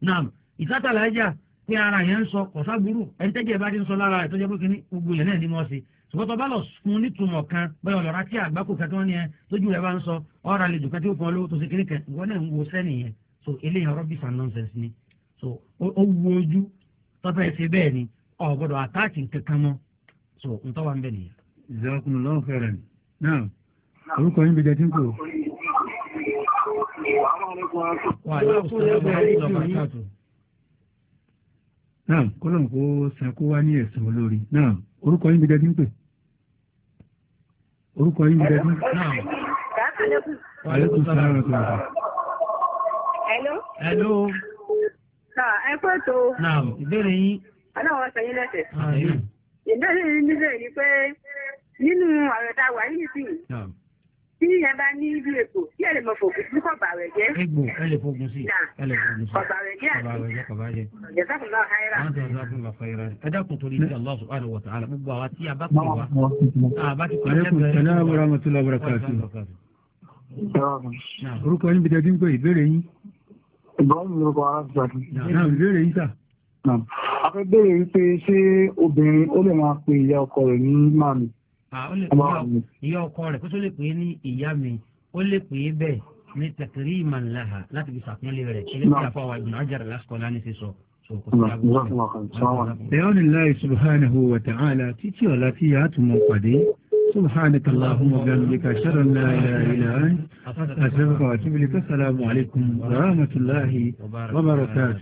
náà ìsátàlá ẹja pé ara yẹn ń sọ kọ̀ságbúrú ẹ̀ńtẹ́jẹ̀ bá ti ń sọ lára ẹ̀ tó jẹ́ pé kínní gbogbo yẹn náà ni mo ṣe ṣùgbọ́n tó bá lọ fún nítumọ̀ kan bẹ́ẹ̀ ọ̀lọ́ra tí àgbákò kan tó ń yẹn lójú rẹ̀ bá ń sọ ọ̀rọ̀ àlejò kan tí ó pọn lówó tó ṣe kínní kan ìwọ náà ń wo sẹ́ni yẹn so eléyìí ọ̀rọ̀ bífà nonsense ni so ó wu ojú tọ́fẹ́ ẹ ṣe bẹ́ẹ̀ ni ọ̀ gbọ́dọ̀ àtàkì kankan mọ́ so ntọ́wà ń bẹ̀ nìyẹn. ìjọba kùnú lọ́wọ́ fẹ́ràn náà orúkọ yín bẹ jẹ́ tí ń kò náà kọ́lọ̀ kó san kó wá ní ẹ̀sùn olórí náà orúkọ yín gbẹdẹ dín pè orúkọ yín gbẹdẹ dín náà alẹ́kùn sára rẹ̀ tó wà. hello. hello. ẹ pẹ́ tó. náà ìbéèrè yín. ọlọ́wọ́ sọ yín lẹ́sẹ̀. Ah, ìbéèrè yín níbẹ̀ ni pé nínú ọ̀rọ̀ tá a wà yìí sí tí ìyẹn bá ní ìlú èkó tí ẹ lè mọ fòkùn sí kọba rẹ jẹ. egbò ẹ lè fòkùn sí ẹ lè fòkùn sí kọba rẹ jẹ kọba rẹ jẹ kọba jẹ. jazakumullahu khairan. àwọn tó ń sọ fún wa fẹ́ra rẹ. ẹ dákun torí ti Allah subhanahu wa ta'ala gbogbo àwa tí a bá pè wá. a ti pè é lẹ́gbẹ̀ẹ́. ṣẹlẹ̀ àbúrò amọ̀tòlá bọ̀rọ̀ kàṣí. orúkọ yín bìtẹ́ dín pé ìbéèrè yín. ìbáwọ̀ mi orúkọ ara ti pàdé. náà ìbéèrè yín sà. a fẹ́ bẹ̀rẹ̀ wípé ṣé obìnrin ó lè ó lè pè ìyá ọkọ rẹ̀ kó tó lè pè é ní ìyá mi ó lè pè é bẹ́ẹ̀ ní tẹ̀kírí ìmọ̀láha láti fi sàpínlẹ̀ rẹ̀ kí lè fi àfọwà ìbùnà àjàrà lásìkò lánìí ṣe sọ. بيان الله سبحانه وتعالى تيتي ولا تياتم وقدي سبحانك اللهم وبحمدك اشهد ان لا اله الا انت استغفرك واتوب اليك السلام عليكم ورحمه الله وبركاته